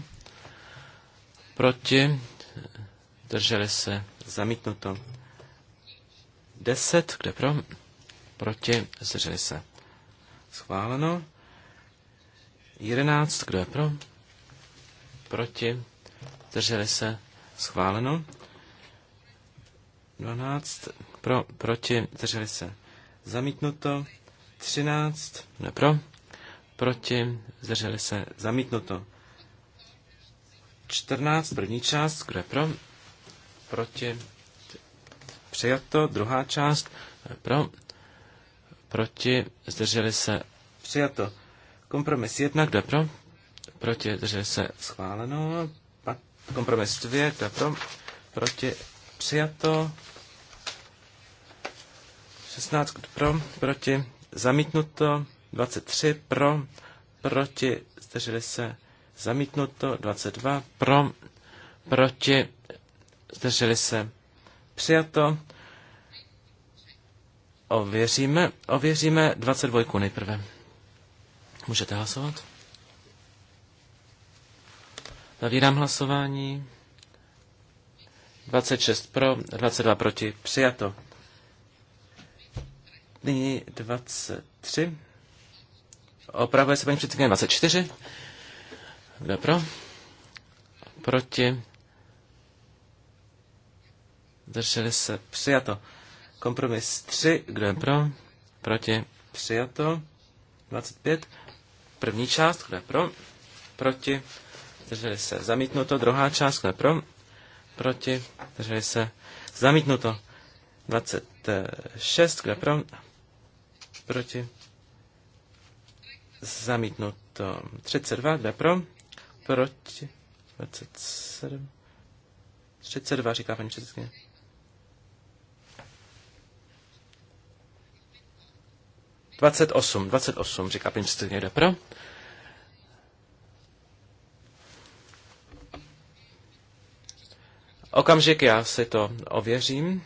Proti Drželi se. Zamítnuto. deset, Kde pro? Proti. Zdrželi se. Schváleno. Jedenáct, Kdo je pro? Proti. Zdrželi se. Schváleno. Dvanáct, Pro, proti. Zdrželi se. Zamítnuto. třináct, Ne pro. Proti. Zdrželi se. Zamítnuto. čtrnáct, První část. Kdo je pro? proti, přijato, druhá část, pro, proti, zdrželi se, přijato. Kompromis jedna, kdo pro, proti, zdrželi se, schváleno. Kompromis dvě kdo pro, proti, přijato. 16 pro, proti, zamítnuto, 23 pro, proti, zdrželi se, zamítnuto, 22 pro, proti, zdrželi se přijato. Ověříme, ověříme 22 nejprve. Můžete hlasovat? Zavírám hlasování. 26 pro, 22 proti, přijato. Nyní 23. Opravuje se paní předsedkyně 24. Kdo pro? Proti. Zdrželi se. Přijato. Kompromis 3. Kdo je pro? Proti. Přijato. 25. První část. Kdo je pro? Proti. Drželi se. Zamítnuto. Druhá část. Kdo je pro? Proti. Drželi se. Zamítnuto. 26. Kdo je pro? Proti. Zamítnuto. 32. Kdo je pro? Proti. 27. 32, říká paní předsedkyně. 28, 28, říká paní předsedkyně, jde Okamžik, já si to ověřím.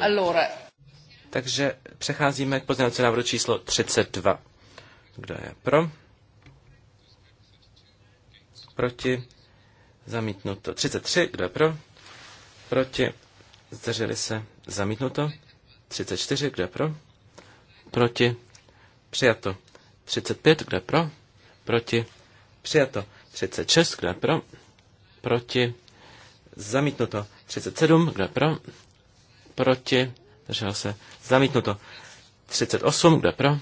Er Takže přecházíme k pozměňovacímu návrhu číslo 32. Kdo je pro? Proti? Zamítnuto. 33. Kdo je pro? Proti. Zdrželi se. Zamítnuto. 34. Kdo je pro? Proti. Přijato. 35. Kdo je pro? Proti. Přijato. 36. Kdo je pro? Proti. Zamítnuto. 37. Kdo je pro? Proti. Zdrželo se. Zamítnuto. 38. Kdo je pro?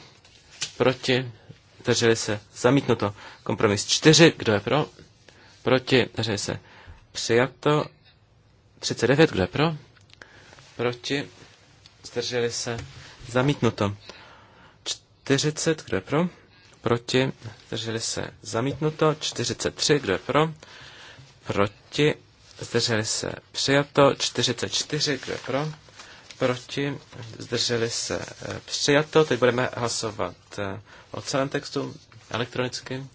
Proti. Zdrželi se. Zamítnuto. Kompromis 4. Kdo je pro? Proti. Zdrželi se. Přijato. 39, kdo je pro? Proti? Zdrželi se? Zamítnuto. 40, kdo je pro? Proti? Zdrželi se? Zamítnuto. 43, kdo je pro? Proti? Zdrželi se? Přijato. 44, kdo je pro? Proti? Zdrželi se? Přijato. Teď budeme hlasovat eh, o celém textu elektronicky.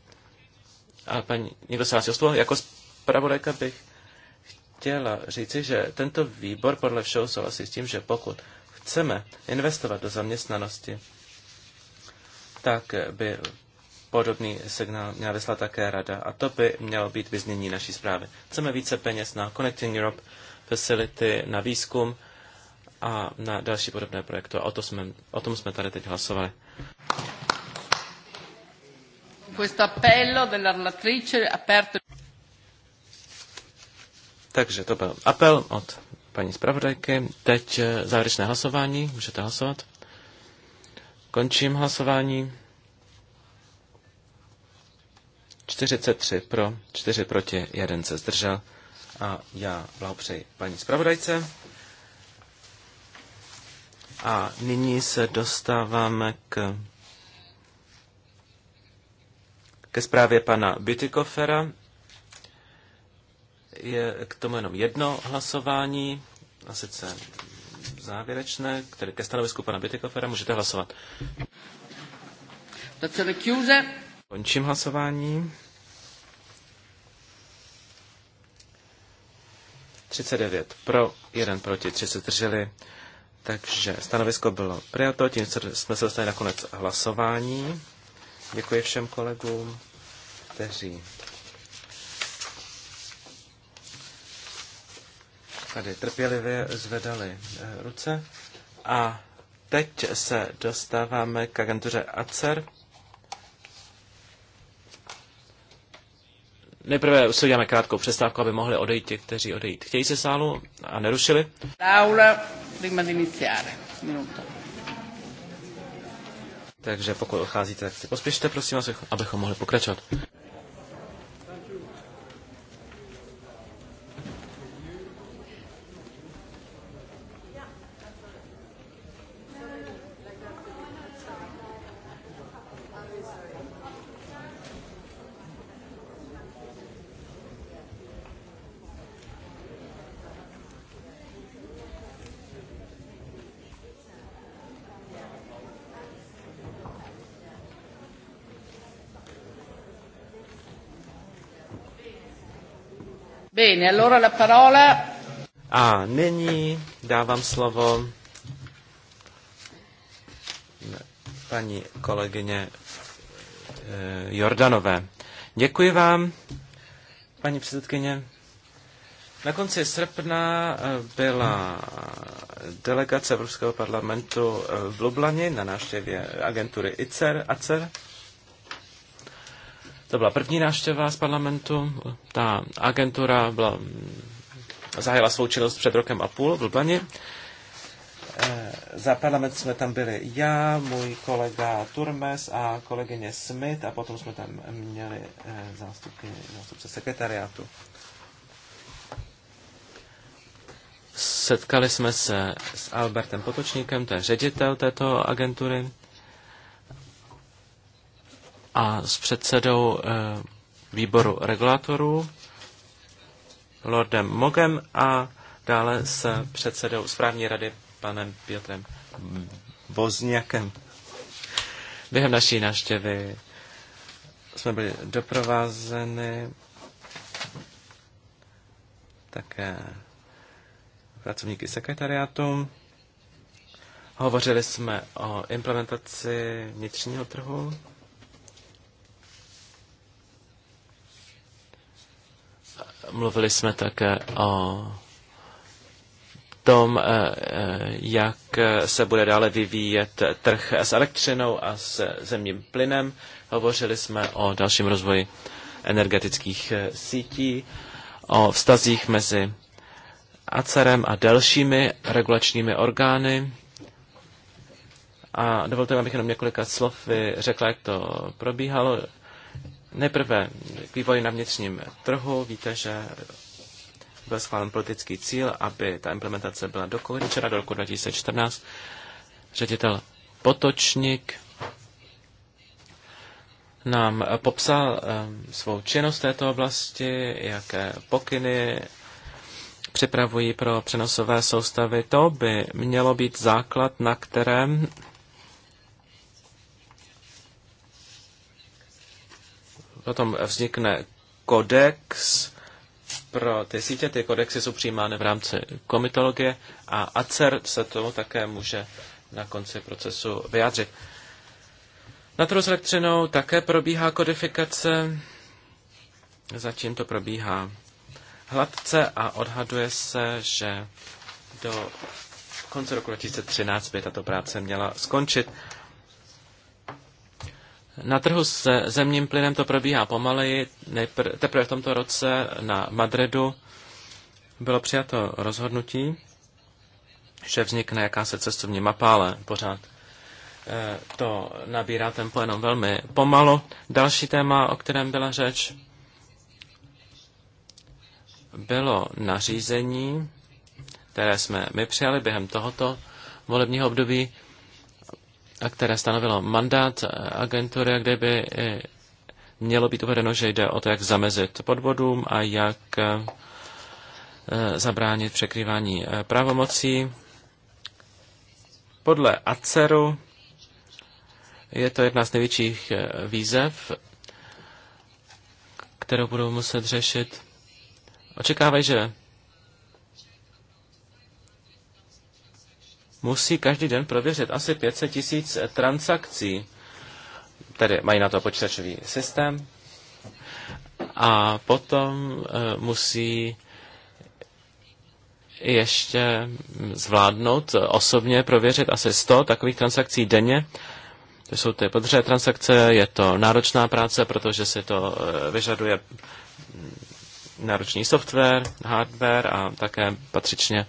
A paní, někdo se hlásí o slovo? Jako zpravodajka bych chtěla říci, že tento výbor podle všeho souhlasí s tím, že pokud chceme investovat do zaměstnanosti, tak by podobný signál měla vyslat také rada. A to by mělo být vyznění naší zprávy. Chceme více peněz na Connecting Europe Facility, na výzkum a na další podobné projekty. A o, to jsme, o tom jsme tady teď hlasovali. Questo appello della relatrice aperto takže to byl apel od paní zpravodajky. Teď eh, závěrečné hlasování. Můžete hlasovat. Končím hlasování. 43 pro, 4 proti, 1 se zdržel. A já blahopřeji paní zpravodajce. A nyní se dostáváme k, ke zprávě pana Bytykofera je k tomu jenom jedno hlasování, a sice závěrečné, které ke stanovisku pana Bytykofera můžete hlasovat. Končím hlasování. 39 pro, 1 proti, 3 se drželi. Takže stanovisko bylo přijato, tím jsme se dostali na konec hlasování. Děkuji všem kolegům, kteří tady trpělivě zvedali eh, ruce. A teď se dostáváme k agentuře ACER. Nejprve si uděláme krátkou přestávku, aby mohli odejít ti, kteří odejít chtějí se sálu a nerušili. Aula, prima di iniziare. Minuto. Takže pokud odcházíte, tak si pospěšte, prosím vás, abychom mohli pokračovat. Bene, allora la parola... A nyní dávám slovo paní kolegyně eh, Jordanové. Děkuji vám, paní předsedkyně. Na konci srpna eh, byla delegace Evropského parlamentu eh, v Lublani na návštěvě agentury ICER, ACER to byla první návštěva z parlamentu. Ta agentura byla, zahájila svou činnost před rokem a půl v Lblani. E, za parlament jsme tam byli já, můj kolega Turmes a kolegyně Smith a potom jsme tam měli e, zástupky, zástupce sekretariátu. Setkali jsme se s Albertem Potočníkem, to je ředitel této agentury a s předsedou eh, výboru regulatorů Lordem Mogem a dále s předsedou správní rady panem Piotrem Bozniakem. Během naší návštěvy jsme byli doprovázeny také pracovníky sekretariátu. Hovořili jsme o implementaci vnitřního trhu Mluvili jsme také o tom, eh, eh, jak se bude dále vyvíjet trh s elektřinou a s zemním plynem. Hovořili jsme o dalším rozvoji energetických eh, sítí, o vztazích mezi ACERem a dalšími regulačními orgány. A dovolte mi, abych jenom několika slov řekla, jak to probíhalo. Nejprve k vývoji na vnitřním trhu. Víte, že byl schválen politický cíl, aby ta implementace byla dokončena do roku 2014. Ředitel Potočník nám popsal ehm, svou činnost této oblasti, jaké pokyny připravují pro přenosové soustavy. To by mělo být základ, na kterém Potom vznikne kodex pro ty sítě. Ty kodexy jsou přijímány v rámci komitologie a ACER se tomu také může na konci procesu vyjádřit. Na trhu s elektřinou také probíhá kodifikace. Zatím to probíhá hladce a odhaduje se, že do konce roku 2013 by tato práce měla skončit. Na trhu s zemním plynem to probíhá pomaleji. Nejpr- teprve v tomto roce na Madridu bylo přijato rozhodnutí, že vznikne jakási cestovní mapa, ale pořád eh, to nabírá tempo jenom velmi pomalu. Další téma, o kterém byla řeč, bylo nařízení, které jsme my přijali během tohoto volebního období, a které stanovilo mandát agentury, kde by eh, mělo být uvedeno, že jde o to, jak zamezit podvodům a jak eh, zabránit překrývání eh, pravomocí. Podle ACERu je to jedna z největších výzev, kterou budou muset řešit. Očekávají, že musí každý den prověřit asi 500 tisíc transakcí, tedy mají na to počítačový systém, a potom eh, musí ještě zvládnout eh, osobně prověřit asi 100 takových transakcí denně. To jsou ty podřadé transakce, je to náročná práce, protože si to eh, vyžaduje náročný software, hardware a také patřičně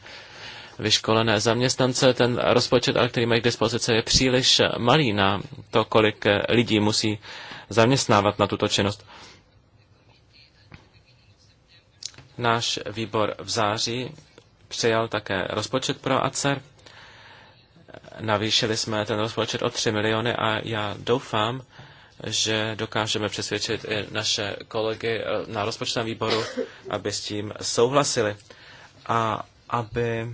vyškolené zaměstnance. Ten rozpočet, ale který mají k dispozici, je příliš malý na to, kolik lidí musí zaměstnávat na tuto činnost. Náš výbor v září přijal také rozpočet pro ACER. Navýšili jsme ten rozpočet o 3 miliony a já doufám, že dokážeme přesvědčit i naše kolegy eh, na rozpočtovém výboru, aby s tím souhlasili a aby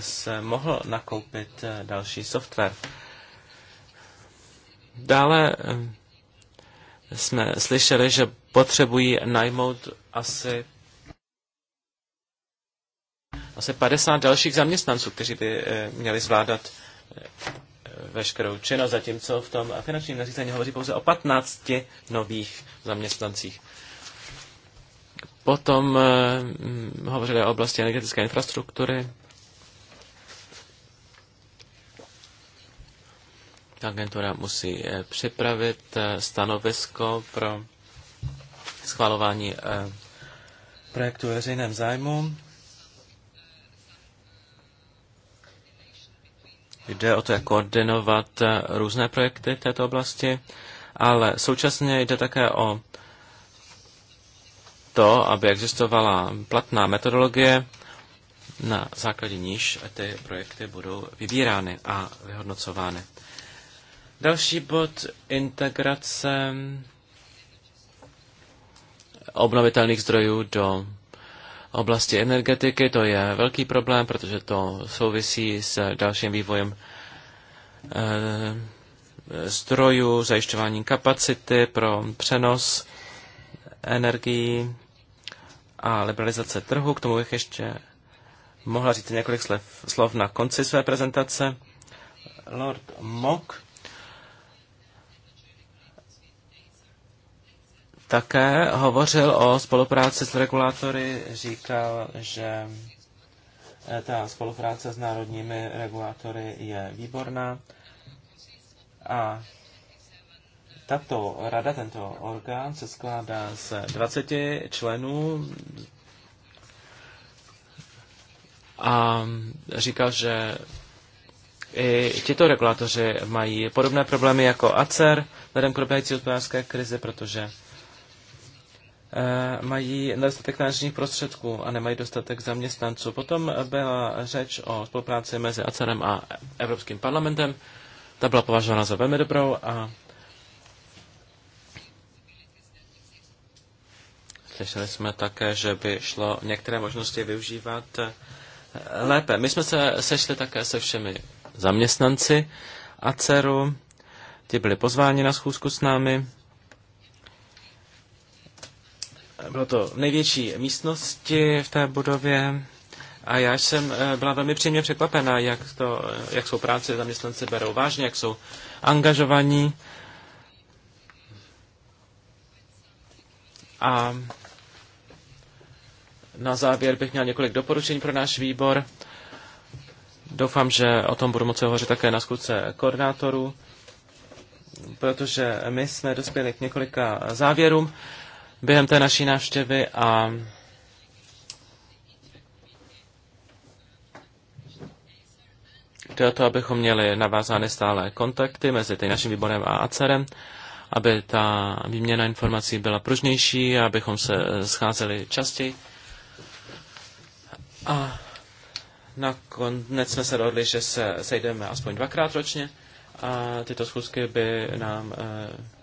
se mohl nakoupit eh, další software. Dále eh, jsme slyšeli, že potřebují najmout asi asi 50 dalších zaměstnanců, kteří by eh, měli zvládat veškerou činnost, zatímco v tom finančním nařízení hovoří pouze o 15 nových zaměstnancích. Potom hm, hovořili o oblasti energetické infrastruktury, Agentura musí eh, připravit eh, stanovisko pro schvalování eh, projektu veřejném zájmu. Jde o to, jak koordinovat různé projekty v této oblasti, ale současně jde také o to, aby existovala platná metodologie, na základě níž ty projekty budou vybírány a vyhodnocovány. Další bod integrace obnovitelných zdrojů do oblasti energetiky. To je velký problém, protože to souvisí s dalším vývojem eh, zdrojů, zajišťování kapacity pro přenos energií a liberalizace trhu. K tomu bych ještě mohla říct několik slov, slov na konci své prezentace. Lord Mock také hovořil o spolupráci s regulátory, říkal, že eh, ta spolupráce s národními regulátory je výborná a tato rada, tento orgán se skládá z 20 členů a říkal, že i tito regulátoři mají podobné problémy jako ACER, vzhledem k probíhající hospodářské krizi, protože Eh, mají nedostatek finančních prostředků a nemají dostatek zaměstnanců. Potom byla řeč o spolupráci mezi ACERem a Evropským parlamentem. Ta byla považována za velmi dobrou a slyšeli jsme také, že by šlo některé možnosti využívat eh, lépe. My jsme se sešli také se všemi zaměstnanci ACERu. Ti byli pozváni na schůzku s námi. Bylo to největší místnosti v té budově a já jsem eh, byla velmi příjemně překvapená, jak, to, eh, jak jsou práce zaměstnanci berou vážně, jak jsou angažovaní. A na závěr bych měl několik doporučení pro náš výbor. Doufám, že o tom budu moci hovořit také na skutce koordinátorů, protože my jsme dospěli k několika závěrům během té naší návštěvy a jde o to, abychom měli navázány stále kontakty mezi tím naším výborem a ACERem, aby ta výměna informací byla pružnější, abychom se scházeli častěji. A nakonec jsme se dohodli, že se sejdeme aspoň dvakrát ročně a tyto schůzky by nám eh,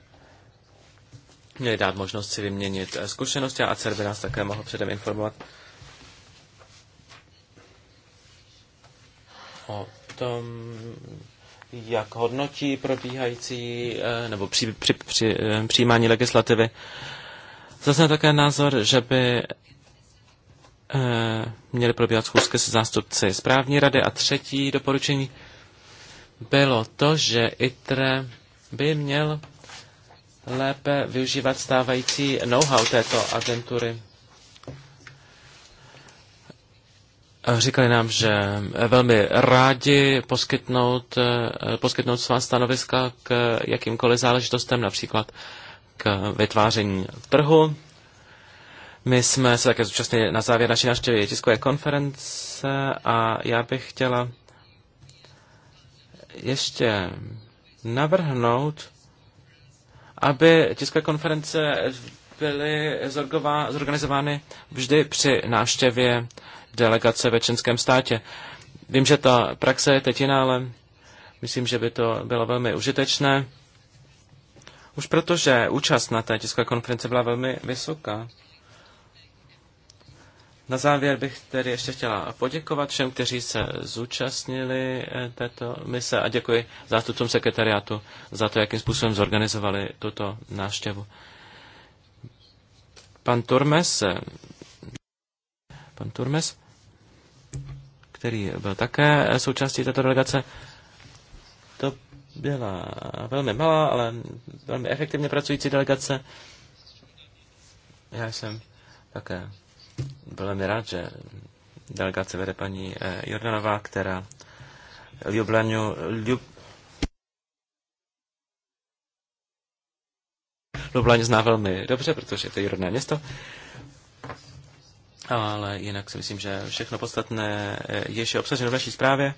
měli dát možnost si vyměnit eh, zkušenosti a ACER by nás také mohl předem informovat o tom, jak hodnotí probíhající eh, nebo při, při, při, eh, přijímání legislativy. Zase také názor, že by měly probíhat schůzky se zástupci správní rady a třetí doporučení bylo to, že ITRE by měl lépe využívat stávající know-how této agentury. Říkali nám, že velmi rádi poskytnout, eh, poskytnout svá stanoviska k jakýmkoliv záležitostem, například k vytváření trhu. My jsme se také zúčastnili na závěr naší návštěvy tiskové konference a já bych chtěla ještě navrhnout aby tiskové konference byly zorganizovány vždy při návštěvě delegace ve členském státě. Vím, že ta praxe je teď jiná, ale myslím, že by to bylo velmi užitečné. Už protože účast na té tiskové konferenci byla velmi vysoká. Na závěr bych tedy ještě chtěla poděkovat všem, kteří se zúčastnili eh, této mise a děkuji zástupcům sekretariátu za to, jakým způsobem zorganizovali tuto návštěvu. Pan Turmes, eh, pan Turmes, který byl také eh, součástí této delegace, to byla velmi malá, ale velmi efektivně pracující delegace. Já jsem také velmi rád, že delegace vede paní eh, Jordanová, která Ljubljanu, Ljub, Lublaň zná velmi dobře, protože to je rodné město. Ale jinak si myslím, že všechno podstatné eh, ještě obsaženo v naší zprávě.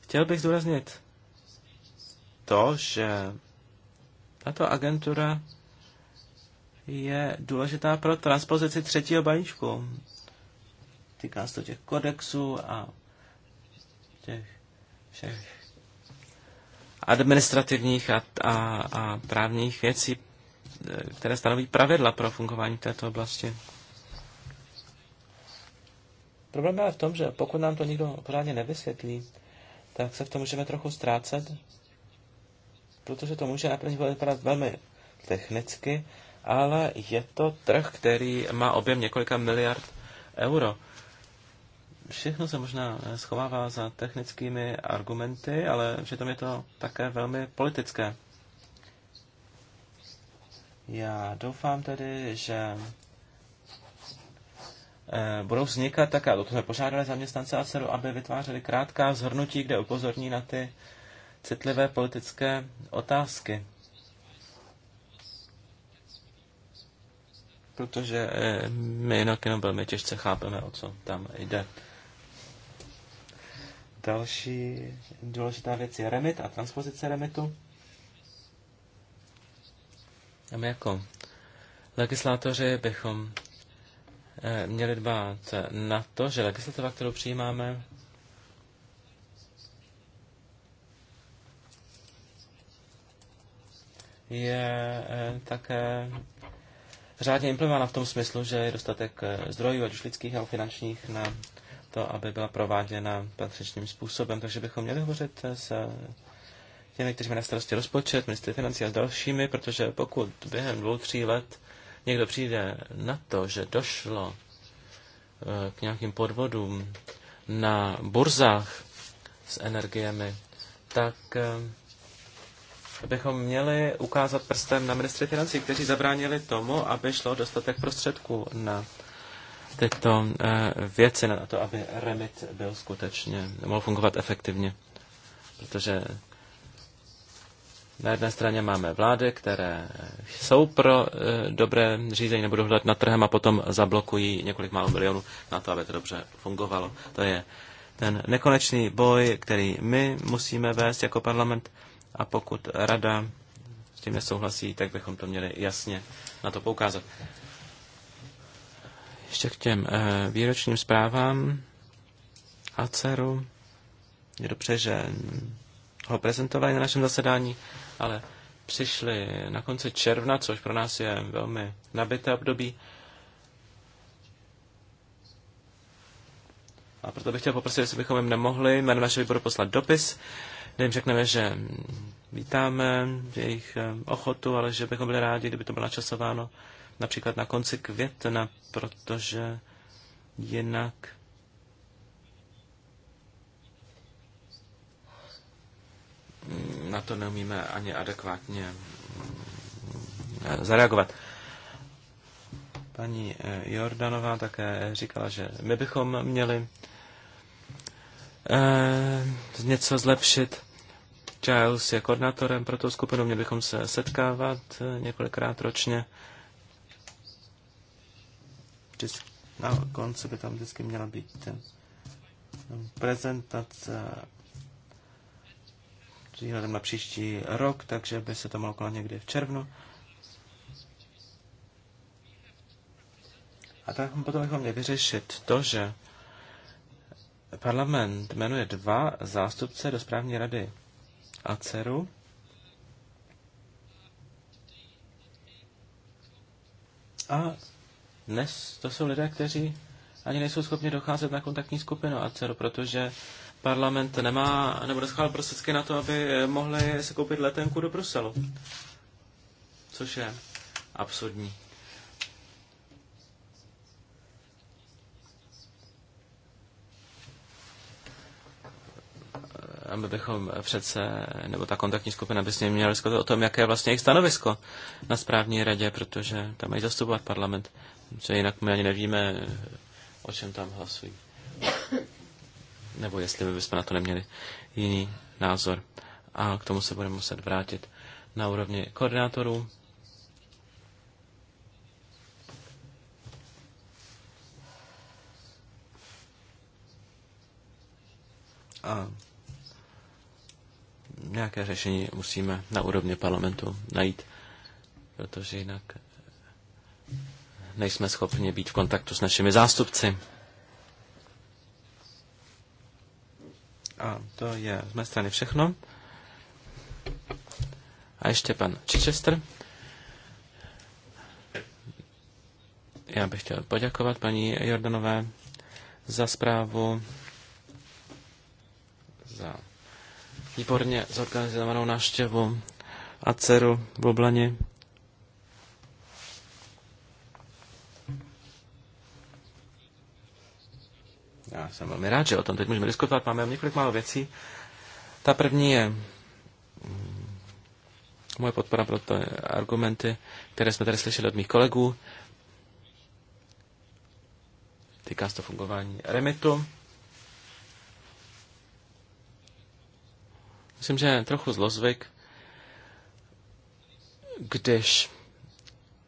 Chtěl bych zdůraznit to, že tato agentura je důležitá pro transpozici třetího balíčku. Týká se to těch kodexů a těch všech administrativních a, a, a právních věcí, které stanoví pravidla pro fungování této oblasti. Problém je v tom, že pokud nám to nikdo pořádně nevysvětlí, tak se v tom můžeme trochu ztrácet, protože to může na první pohled vypadat velmi technicky, ale je to trh, který má objem několika miliard euro. Všechno se možná schovává za technickými argumenty, ale přitom je to také velmi politické. Já doufám tedy, že eh, budou vznikat také, o to jsme požádali zaměstnance ACERu, aby vytvářeli krátká zhrnutí, kde upozorní na ty citlivé politické otázky. protože eh, my jinak jenom velmi těžce chápeme, o co tam jde. Další důležitá věc je remit a transpozice remitu. A my jako legislátoři bychom eh, měli dbát na to, že legislativa, kterou přijímáme, je eh, také řádně implementována v tom smyslu, že je dostatek eh, zdrojů, ať už lidských a finančních, na to, aby byla prováděna patřičným způsobem. Takže bychom měli hovořit eh, s eh, těmi, kteří mají na starosti rozpočet, ministry financí a s dalšími, protože pokud během dvou, tří let někdo přijde na to, že došlo k nějakým podvodům na burzách s energiemi, tak bychom měli ukázat prstem na ministry financí, kteří zabránili tomu, aby šlo dostatek prostředků na tyto eh, věci, na to, aby remit byl skutečně, mohl fungovat efektivně. Protože na jedné straně máme vlády, které jsou pro eh, dobré řízení nebo hledat na trhem a potom zablokují několik málo milionů na to, aby to dobře fungovalo. To je ten nekonečný boj, který my musíme vést jako parlament a pokud rada s tím nesouhlasí, tak bychom to měli jasně na to poukázat. Ještě k těm eh, výročním zprávám ACERu. Je dobře, že ho prezentovali na našem zasedání, ale přišli na konci června, což pro nás je velmi nabité období. A proto bych chtěl poprosit, jestli bychom jim nemohli jménem našeho výboru poslat dopis, jim řekneme, že vítáme jejich eh, ochotu, ale že bychom byli rádi, kdyby to bylo načasováno například na konci května, protože jinak na to neumíme ani adekvátně eh, zareagovat. Paní eh, Jordanová také říkala, že my bychom měli Eh, něco zlepšit. Giles je koordinátorem pro tu skupinu, měli bychom se setkávat eh, několikrát ročně. Na konci by tam vždycky měla být eh, prezentace příhledem na příští rok, takže by se to mohlo konat někdy v červnu. A tak potom bychom měli vyřešit to, že Parlament jmenuje dva zástupce do správní rady ACERu. A dnes to jsou lidé, kteří ani nejsou schopni docházet na kontaktní skupinu ACERu, protože parlament nemá, nebo neschválil prostředky na to, aby eh, mohli se koupit letenku do Bruselu. Což je absurdní. aby bychom přece, nebo ta kontaktní skupina by s nimi měla diskutovat o tom, jaké je vlastně jejich stanovisko na správní radě, protože tam mají zastupovat parlament, co jinak my ani nevíme, o čem tam hlasují. Nebo jestli by bychom na to neměli jiný názor. A k tomu se budeme muset vrátit na úrovni koordinátorů. A nějaké řešení musíme na úrovni parlamentu najít, protože jinak nejsme schopni být v kontaktu s našimi zástupci. A to je z mé strany všechno. A ještě pan Chichester. Já bych chtěl poděkovat paní Jordanové za zprávu, za výborně zorganizovanou návštěvu dceru v Oblani. Já jsem velmi rád, že o tom teď můžeme diskutovat. Máme několik málo věcí. Ta první je mm, moje podpora pro ty argumenty, které jsme tady slyšeli od mých kolegů. Týká se to fungování remitu. Myslím, že trochu zlozvyk, když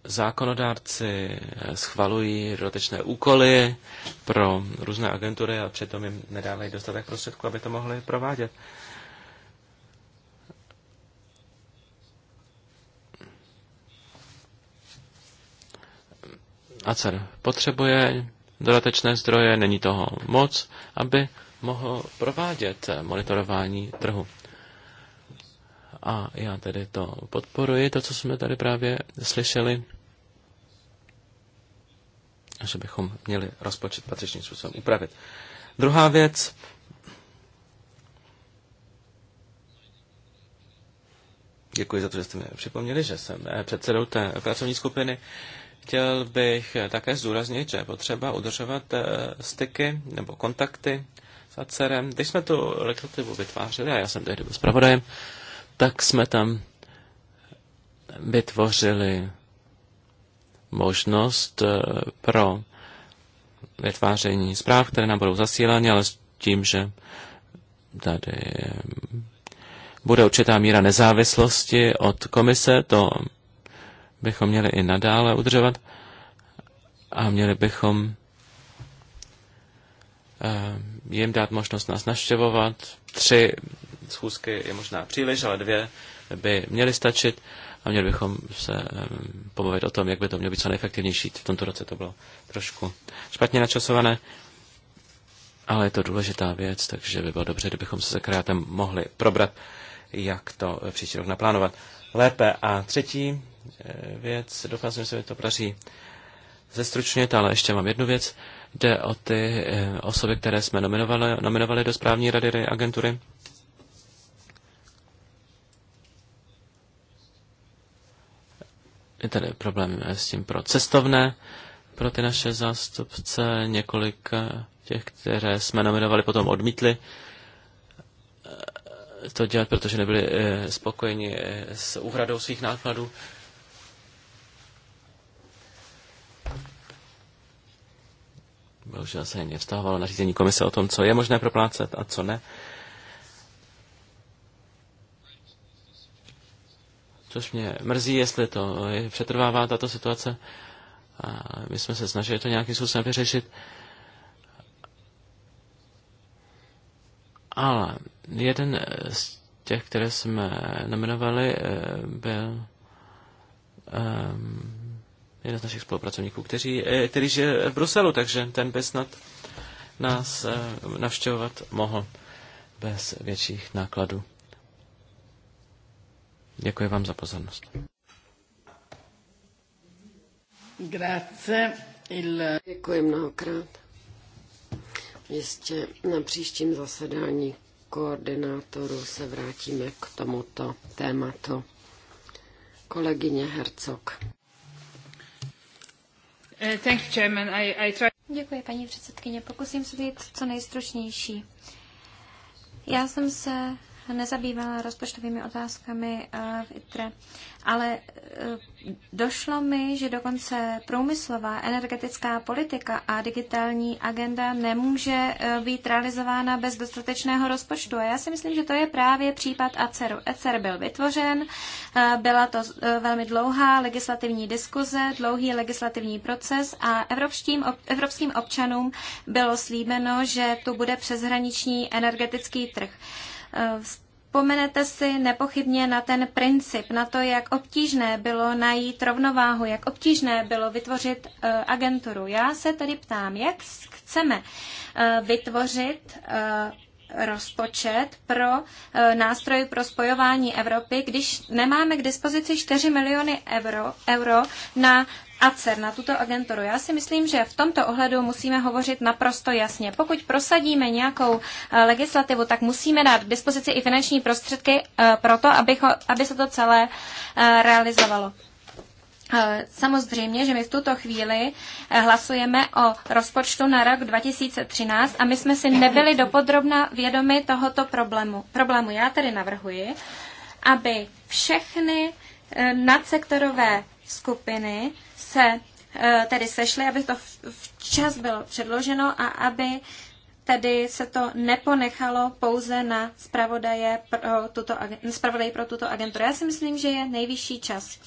zákonodárci schvalují dodatečné úkoly pro různé agentury a přitom jim nedávají dostatek prostředků, aby to mohli provádět. ACER potřebuje dodatečné zdroje, není toho moc, aby mohl provádět monitorování trhu. A já tedy to podporuji, to, co jsme tady právě slyšeli, že bychom měli rozpočet patřičným způsobem upravit. Druhá věc, Děkuji za to, že jste mi připomněli, že jsem eh, předsedou té pracovní skupiny. Chtěl bych eh, také zdůraznit, že je potřeba udržovat eh, styky nebo kontakty s ACERem. Když jsme tu legislativu vytvářeli, a já jsem tehdy byl zpravodajem, tak jsme tam vytvořili možnost eh, pro vytváření zpráv, které nám budou zasílány, ale s tím, že tady eh, bude určitá míra nezávislosti od komise, to bychom měli i nadále udržovat a měli bychom eh, jim dát možnost nás naštěvovat. Tři schůzky je možná příliš, ale dvě by měly stačit a měli bychom se eh, pobavit o tom, jak by to mělo být co nejefektivnější. V tomto roce to bylo trošku špatně načasované, ale je to důležitá věc, takže by bylo dobře, kdybychom se sekretátem mohli probrat, jak to eh, příští rok naplánovat lépe. A třetí eh, věc, doufám, že se mi to praří zestručnit, ale ještě mám jednu věc. Jde o ty osoby, které jsme nominovali, nominovali do správní rady agentury. je tady problém eh, s tím pro cestovné, pro ty naše zástupce, několik eh, těch, které jsme nominovali, potom odmítli eh, to dělat, protože nebyli spokojeni s úhradou svých nákladů. Bohužel se nevztahovalo nařízení komise o tom, co je možné proplácet a co ne. což mě mrzí, jestli to je, eh, přetrvává tato situace. A my jsme se snažili to nějakým způsobem vyřešit. Ale jeden eh, z těch, které jsme nominovali, eh, byl um, jeden z našich spolupracovníků, kteří, který žije v Bruselu, takže ten by snad nás navštěvovat mohl bez větších nákladů. Děkuji vám za pozornost. Děkuji mnohokrát. Jistě na příštím zasedání koordinátorů se vrátíme k tomuto tématu. Kolegyně Hercog. Eh, Děkuji, paní předsedkyně. Pokusím se být co nejstručnější. Já jsem se nezabývala rozpočtovými otázkami eh, v ITRE, ale eh, došlo mi, že dokonce průmyslová energetická politika a digitální agenda nemůže eh, být realizována bez dostatečného rozpočtu. A já si myslím, že to je právě případ ACERu. ECER byl vytvořen, byla to velmi dlouhá legislativní diskuze, dlouhý legislativní proces a evropským, evropským občanům bylo slíbeno, že tu bude přeshraniční energetický trh. Vzpomenete si nepochybně na ten princip, na to, jak obtížné bylo najít rovnováhu, jak obtížné bylo vytvořit eh, agenturu. Já se tedy ptám, jak chceme eh, vytvořit eh, rozpočet pro nástroj pro spojování Evropy, když nemáme k dispozici 4 miliony euro, euro na ACER, na tuto agenturu. Já si myslím, že v tomto ohledu musíme hovořit naprosto jasně. Pokud prosadíme nějakou eh, legislativu, tak musíme dát k dispozici i finanční prostředky eh, pro to, aby se to celé eh, realizovalo. Samozřejmě, že my v tuto chvíli hlasujeme o rozpočtu na rok 2013 a my jsme si nebyli dopodrobna vědomi tohoto problému. problému. Já tedy navrhuji, aby všechny nadsektorové skupiny se eh, tedy sešli, aby to včas bylo předloženo a aby tedy se to neponechalo pouze na zpravodaje pro tuto, zpravodaji pro tuto agenturu. Já si myslím, že je nejvyšší čas.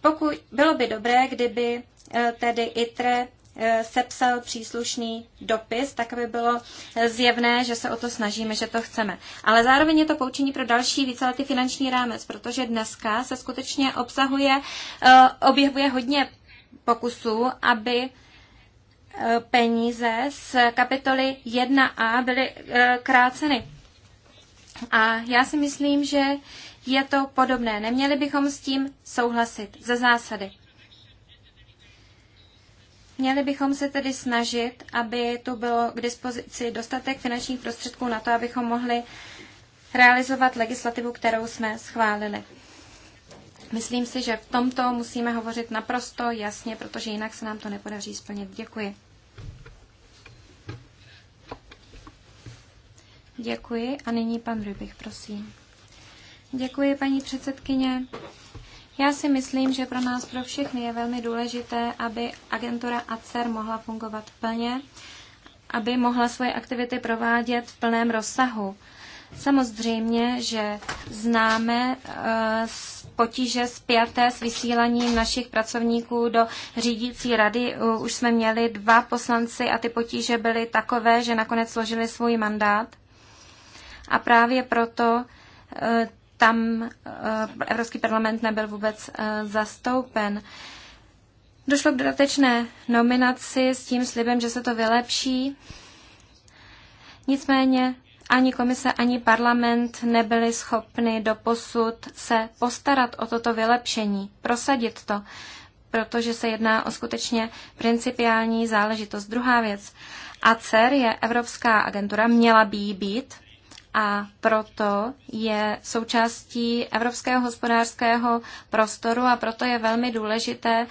Pokud bylo by dobré, kdyby eh, tedy ITRE eh, sepsal příslušný dopis, tak aby bylo zjevné, že se o to snažíme, že to chceme. Ale zároveň je to poučení pro další víceletý finanční rámec, protože dneska se skutečně obsahuje, objevuje hodně pokusů, aby e, peníze z kapitoly 1a byly e, kráceny. A já si myslím, že je to podobné. Neměli bychom s tím souhlasit ze zásady. Měli bychom se tedy snažit, aby tu bylo k dispozici dostatek finančních prostředků na to, abychom mohli realizovat legislativu, kterou jsme schválili. Myslím si, že v tomto musíme hovořit naprosto jasně, protože jinak se nám to nepodaří splnit. Děkuji. Děkuji a nyní pan Rybich, prosím. Děkuji, paní předsedkyně. Já si myslím, že pro nás, pro všechny je velmi důležité, aby agentura ACER mohla fungovat plně, aby mohla svoje aktivity provádět v plném rozsahu. Samozřejmě, že známe uh, potíže spjaté s vysíláním našich pracovníků do řídící rady. Už jsme měli dva poslanci a ty potíže byly takové, že nakonec složili svůj mandát. A právě proto e, tam e, Evropský parlament nebyl vůbec e, zastoupen. Došlo k dodatečné nominaci s tím slibem, že se to vylepší. Nicméně ani komise, ani parlament nebyly schopny doposud se postarat o toto vylepšení, prosadit to, protože se jedná o skutečně principiální záležitost. Druhá věc. ACER je Evropská agentura, měla by jí být a proto je součástí Evropského hospodářského prostoru a proto je velmi důležité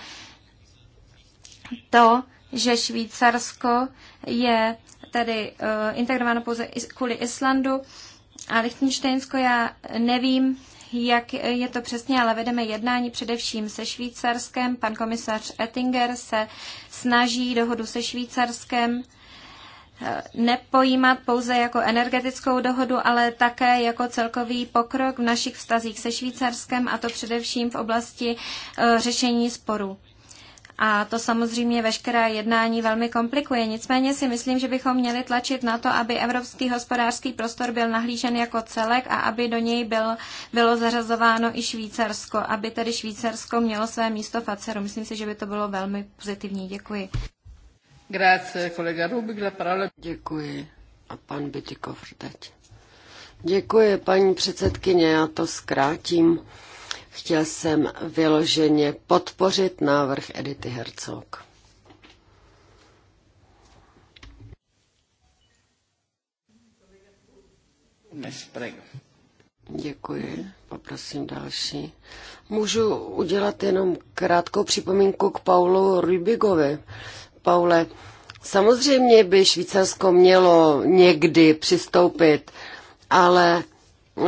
to, že Švýcarsko je tedy eh, integrováno pouze kvůli Islandu a Lichtensteinsko. Já nevím, jak je to přesně, ale vedeme jednání především se Švýcarskem. Pan komisař Ettinger se snaží dohodu se Švýcarskem eh, nepojímat pouze jako energetickou dohodu, ale také jako celkový pokrok v našich vztazích se Švýcarskem, a to především v oblasti eh, řešení sporů. A to samozřejmě veškerá jednání velmi komplikuje. Nicméně si myslím, že bychom měli tlačit na to, aby evropský hospodářský prostor byl nahlížen jako celek a aby do něj byl, bylo zařazováno i Švýcarsko, aby tedy Švýcarsko mělo své místo v ACERu. Myslím si, že by to bylo velmi pozitivní. Děkuji. Grazie, kolega Rubik, la parola. Děkuji. A pan Bytikov teď. Děkuji, paní předsedkyně, já to zkrátím. Chtěl jsem vyloženě podpořit návrh Edity Herzog. Děkuji, poprosím další. Můžu udělat jenom krátkou připomínku k Paulu Rubigovi. Paule, samozřejmě by Švýcarsko mělo někdy přistoupit, ale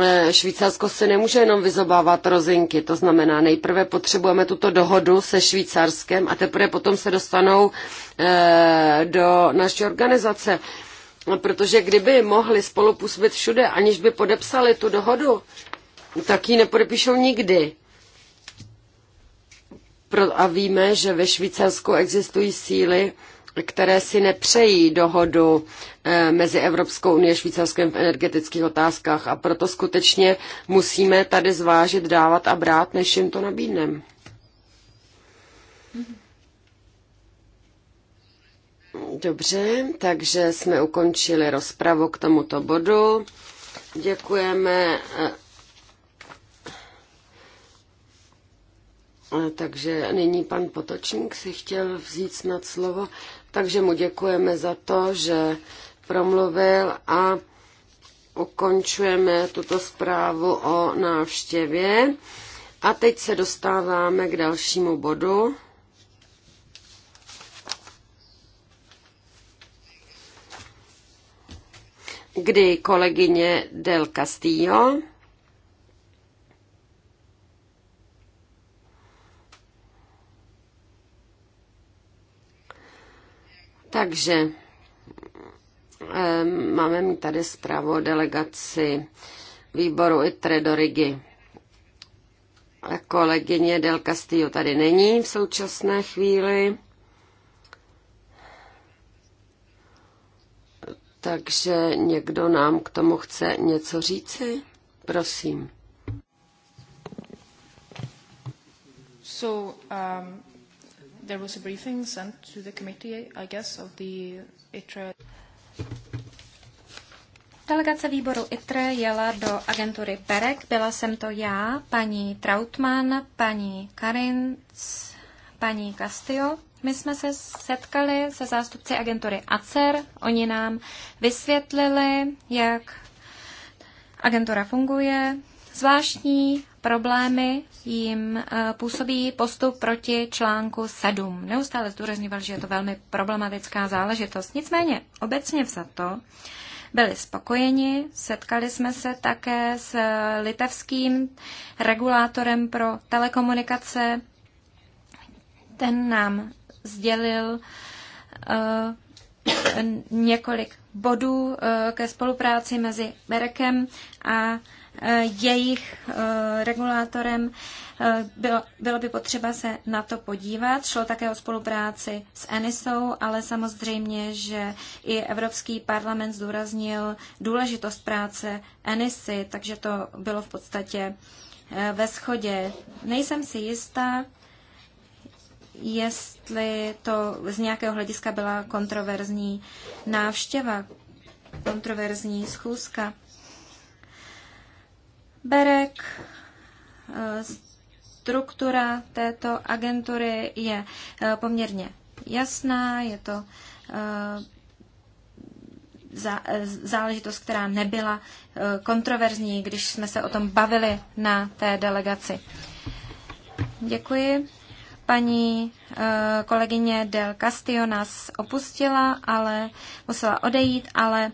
E, Švýcarsko si nemůže jenom vyzobávat rozinky, to znamená, nejprve potřebujeme tuto dohodu se Švýcarskem a teprve potom se dostanou e, do naší organizace. Protože kdyby mohli spolupůsobit všude, aniž by podepsali tu dohodu, tak ji nepodepíšou nikdy. A víme, že ve Švýcarsku existují síly, které si nepřejí dohodu eh, mezi Evropskou unii a Švýcarskem v energetických otázkách a proto skutečně musíme tady zvážit dávat a brát, než jim to nabídneme. Dobře, takže jsme ukončili rozpravu k tomuto bodu. Děkujeme. Eh, eh, takže nyní pan Potočník si chtěl vzít snad slovo takže mu děkujeme za to, že promluvil a ukončujeme tuto zprávu o návštěvě. A teď se dostáváme k dalšímu bodu. kdy kolegyně Del Castillo Takže eh, máme mít tady zprávu o delegaci výboru ITRE do Rigi. Kolegyně Del Castillo tady není v současné chvíli. Takže někdo nám k tomu chce něco říci? Prosím. So, um there was a briefing sent to the committee, I guess, of the ITRE. Delegace výboru ITRE jela do agentury Perek. Byla jsem to já, paní Trautmann, paní Karinc, paní Castillo. My jsme se setkali se zástupci agentury ACER. Oni nám vysvětlili, jak agentura funguje. Zvláštní problémy jim eh, působí postup proti článku 7. Neustále zdůrazňoval, že je to velmi problematická záležitost. Nicméně obecně to byli spokojeni. Setkali jsme se také s eh, litevským regulátorem pro telekomunikace. Ten nám sdělil uh, několik bodů uh, ke spolupráci mezi Berekem a Eh, jejich eh, regulátorem. Eh, bylo, bylo by potřeba se na to podívat. Šlo také o spolupráci s Enisou, ale samozřejmě, že i Evropský parlament zdůraznil důležitost práce Enisy, takže to bylo v podstatě ve schodě. Nejsem si jistá, jestli to z nějakého hlediska byla kontroverzní návštěva, kontroverzní schůzka. Berek, eh, struktura této agentury je eh, poměrně jasná, je to eh, záležitost, která nebyla kontroverzní, když jsme se o tom bavili na té delegaci. Děkuji. Paní kolegyně Del Castillo nás opustila, ale musela odejít, ale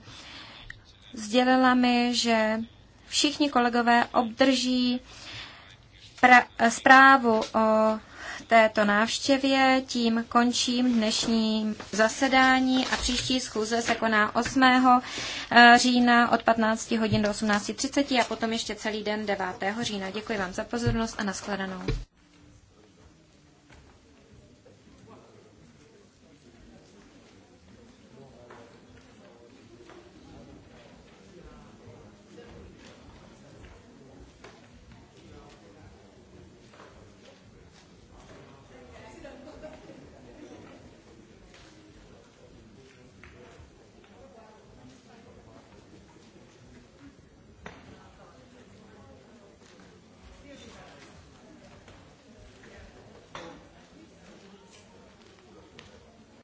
sdělila mi, že všichni kolegové obdrží zprávu o této návštěvě. Tím končím dnešní zasedání a příští schůze se koná 8. Eh, října od 15 hodin do 18.30 a potom ještě celý den 9. října. Děkuji vám za pozornost a nashledanou.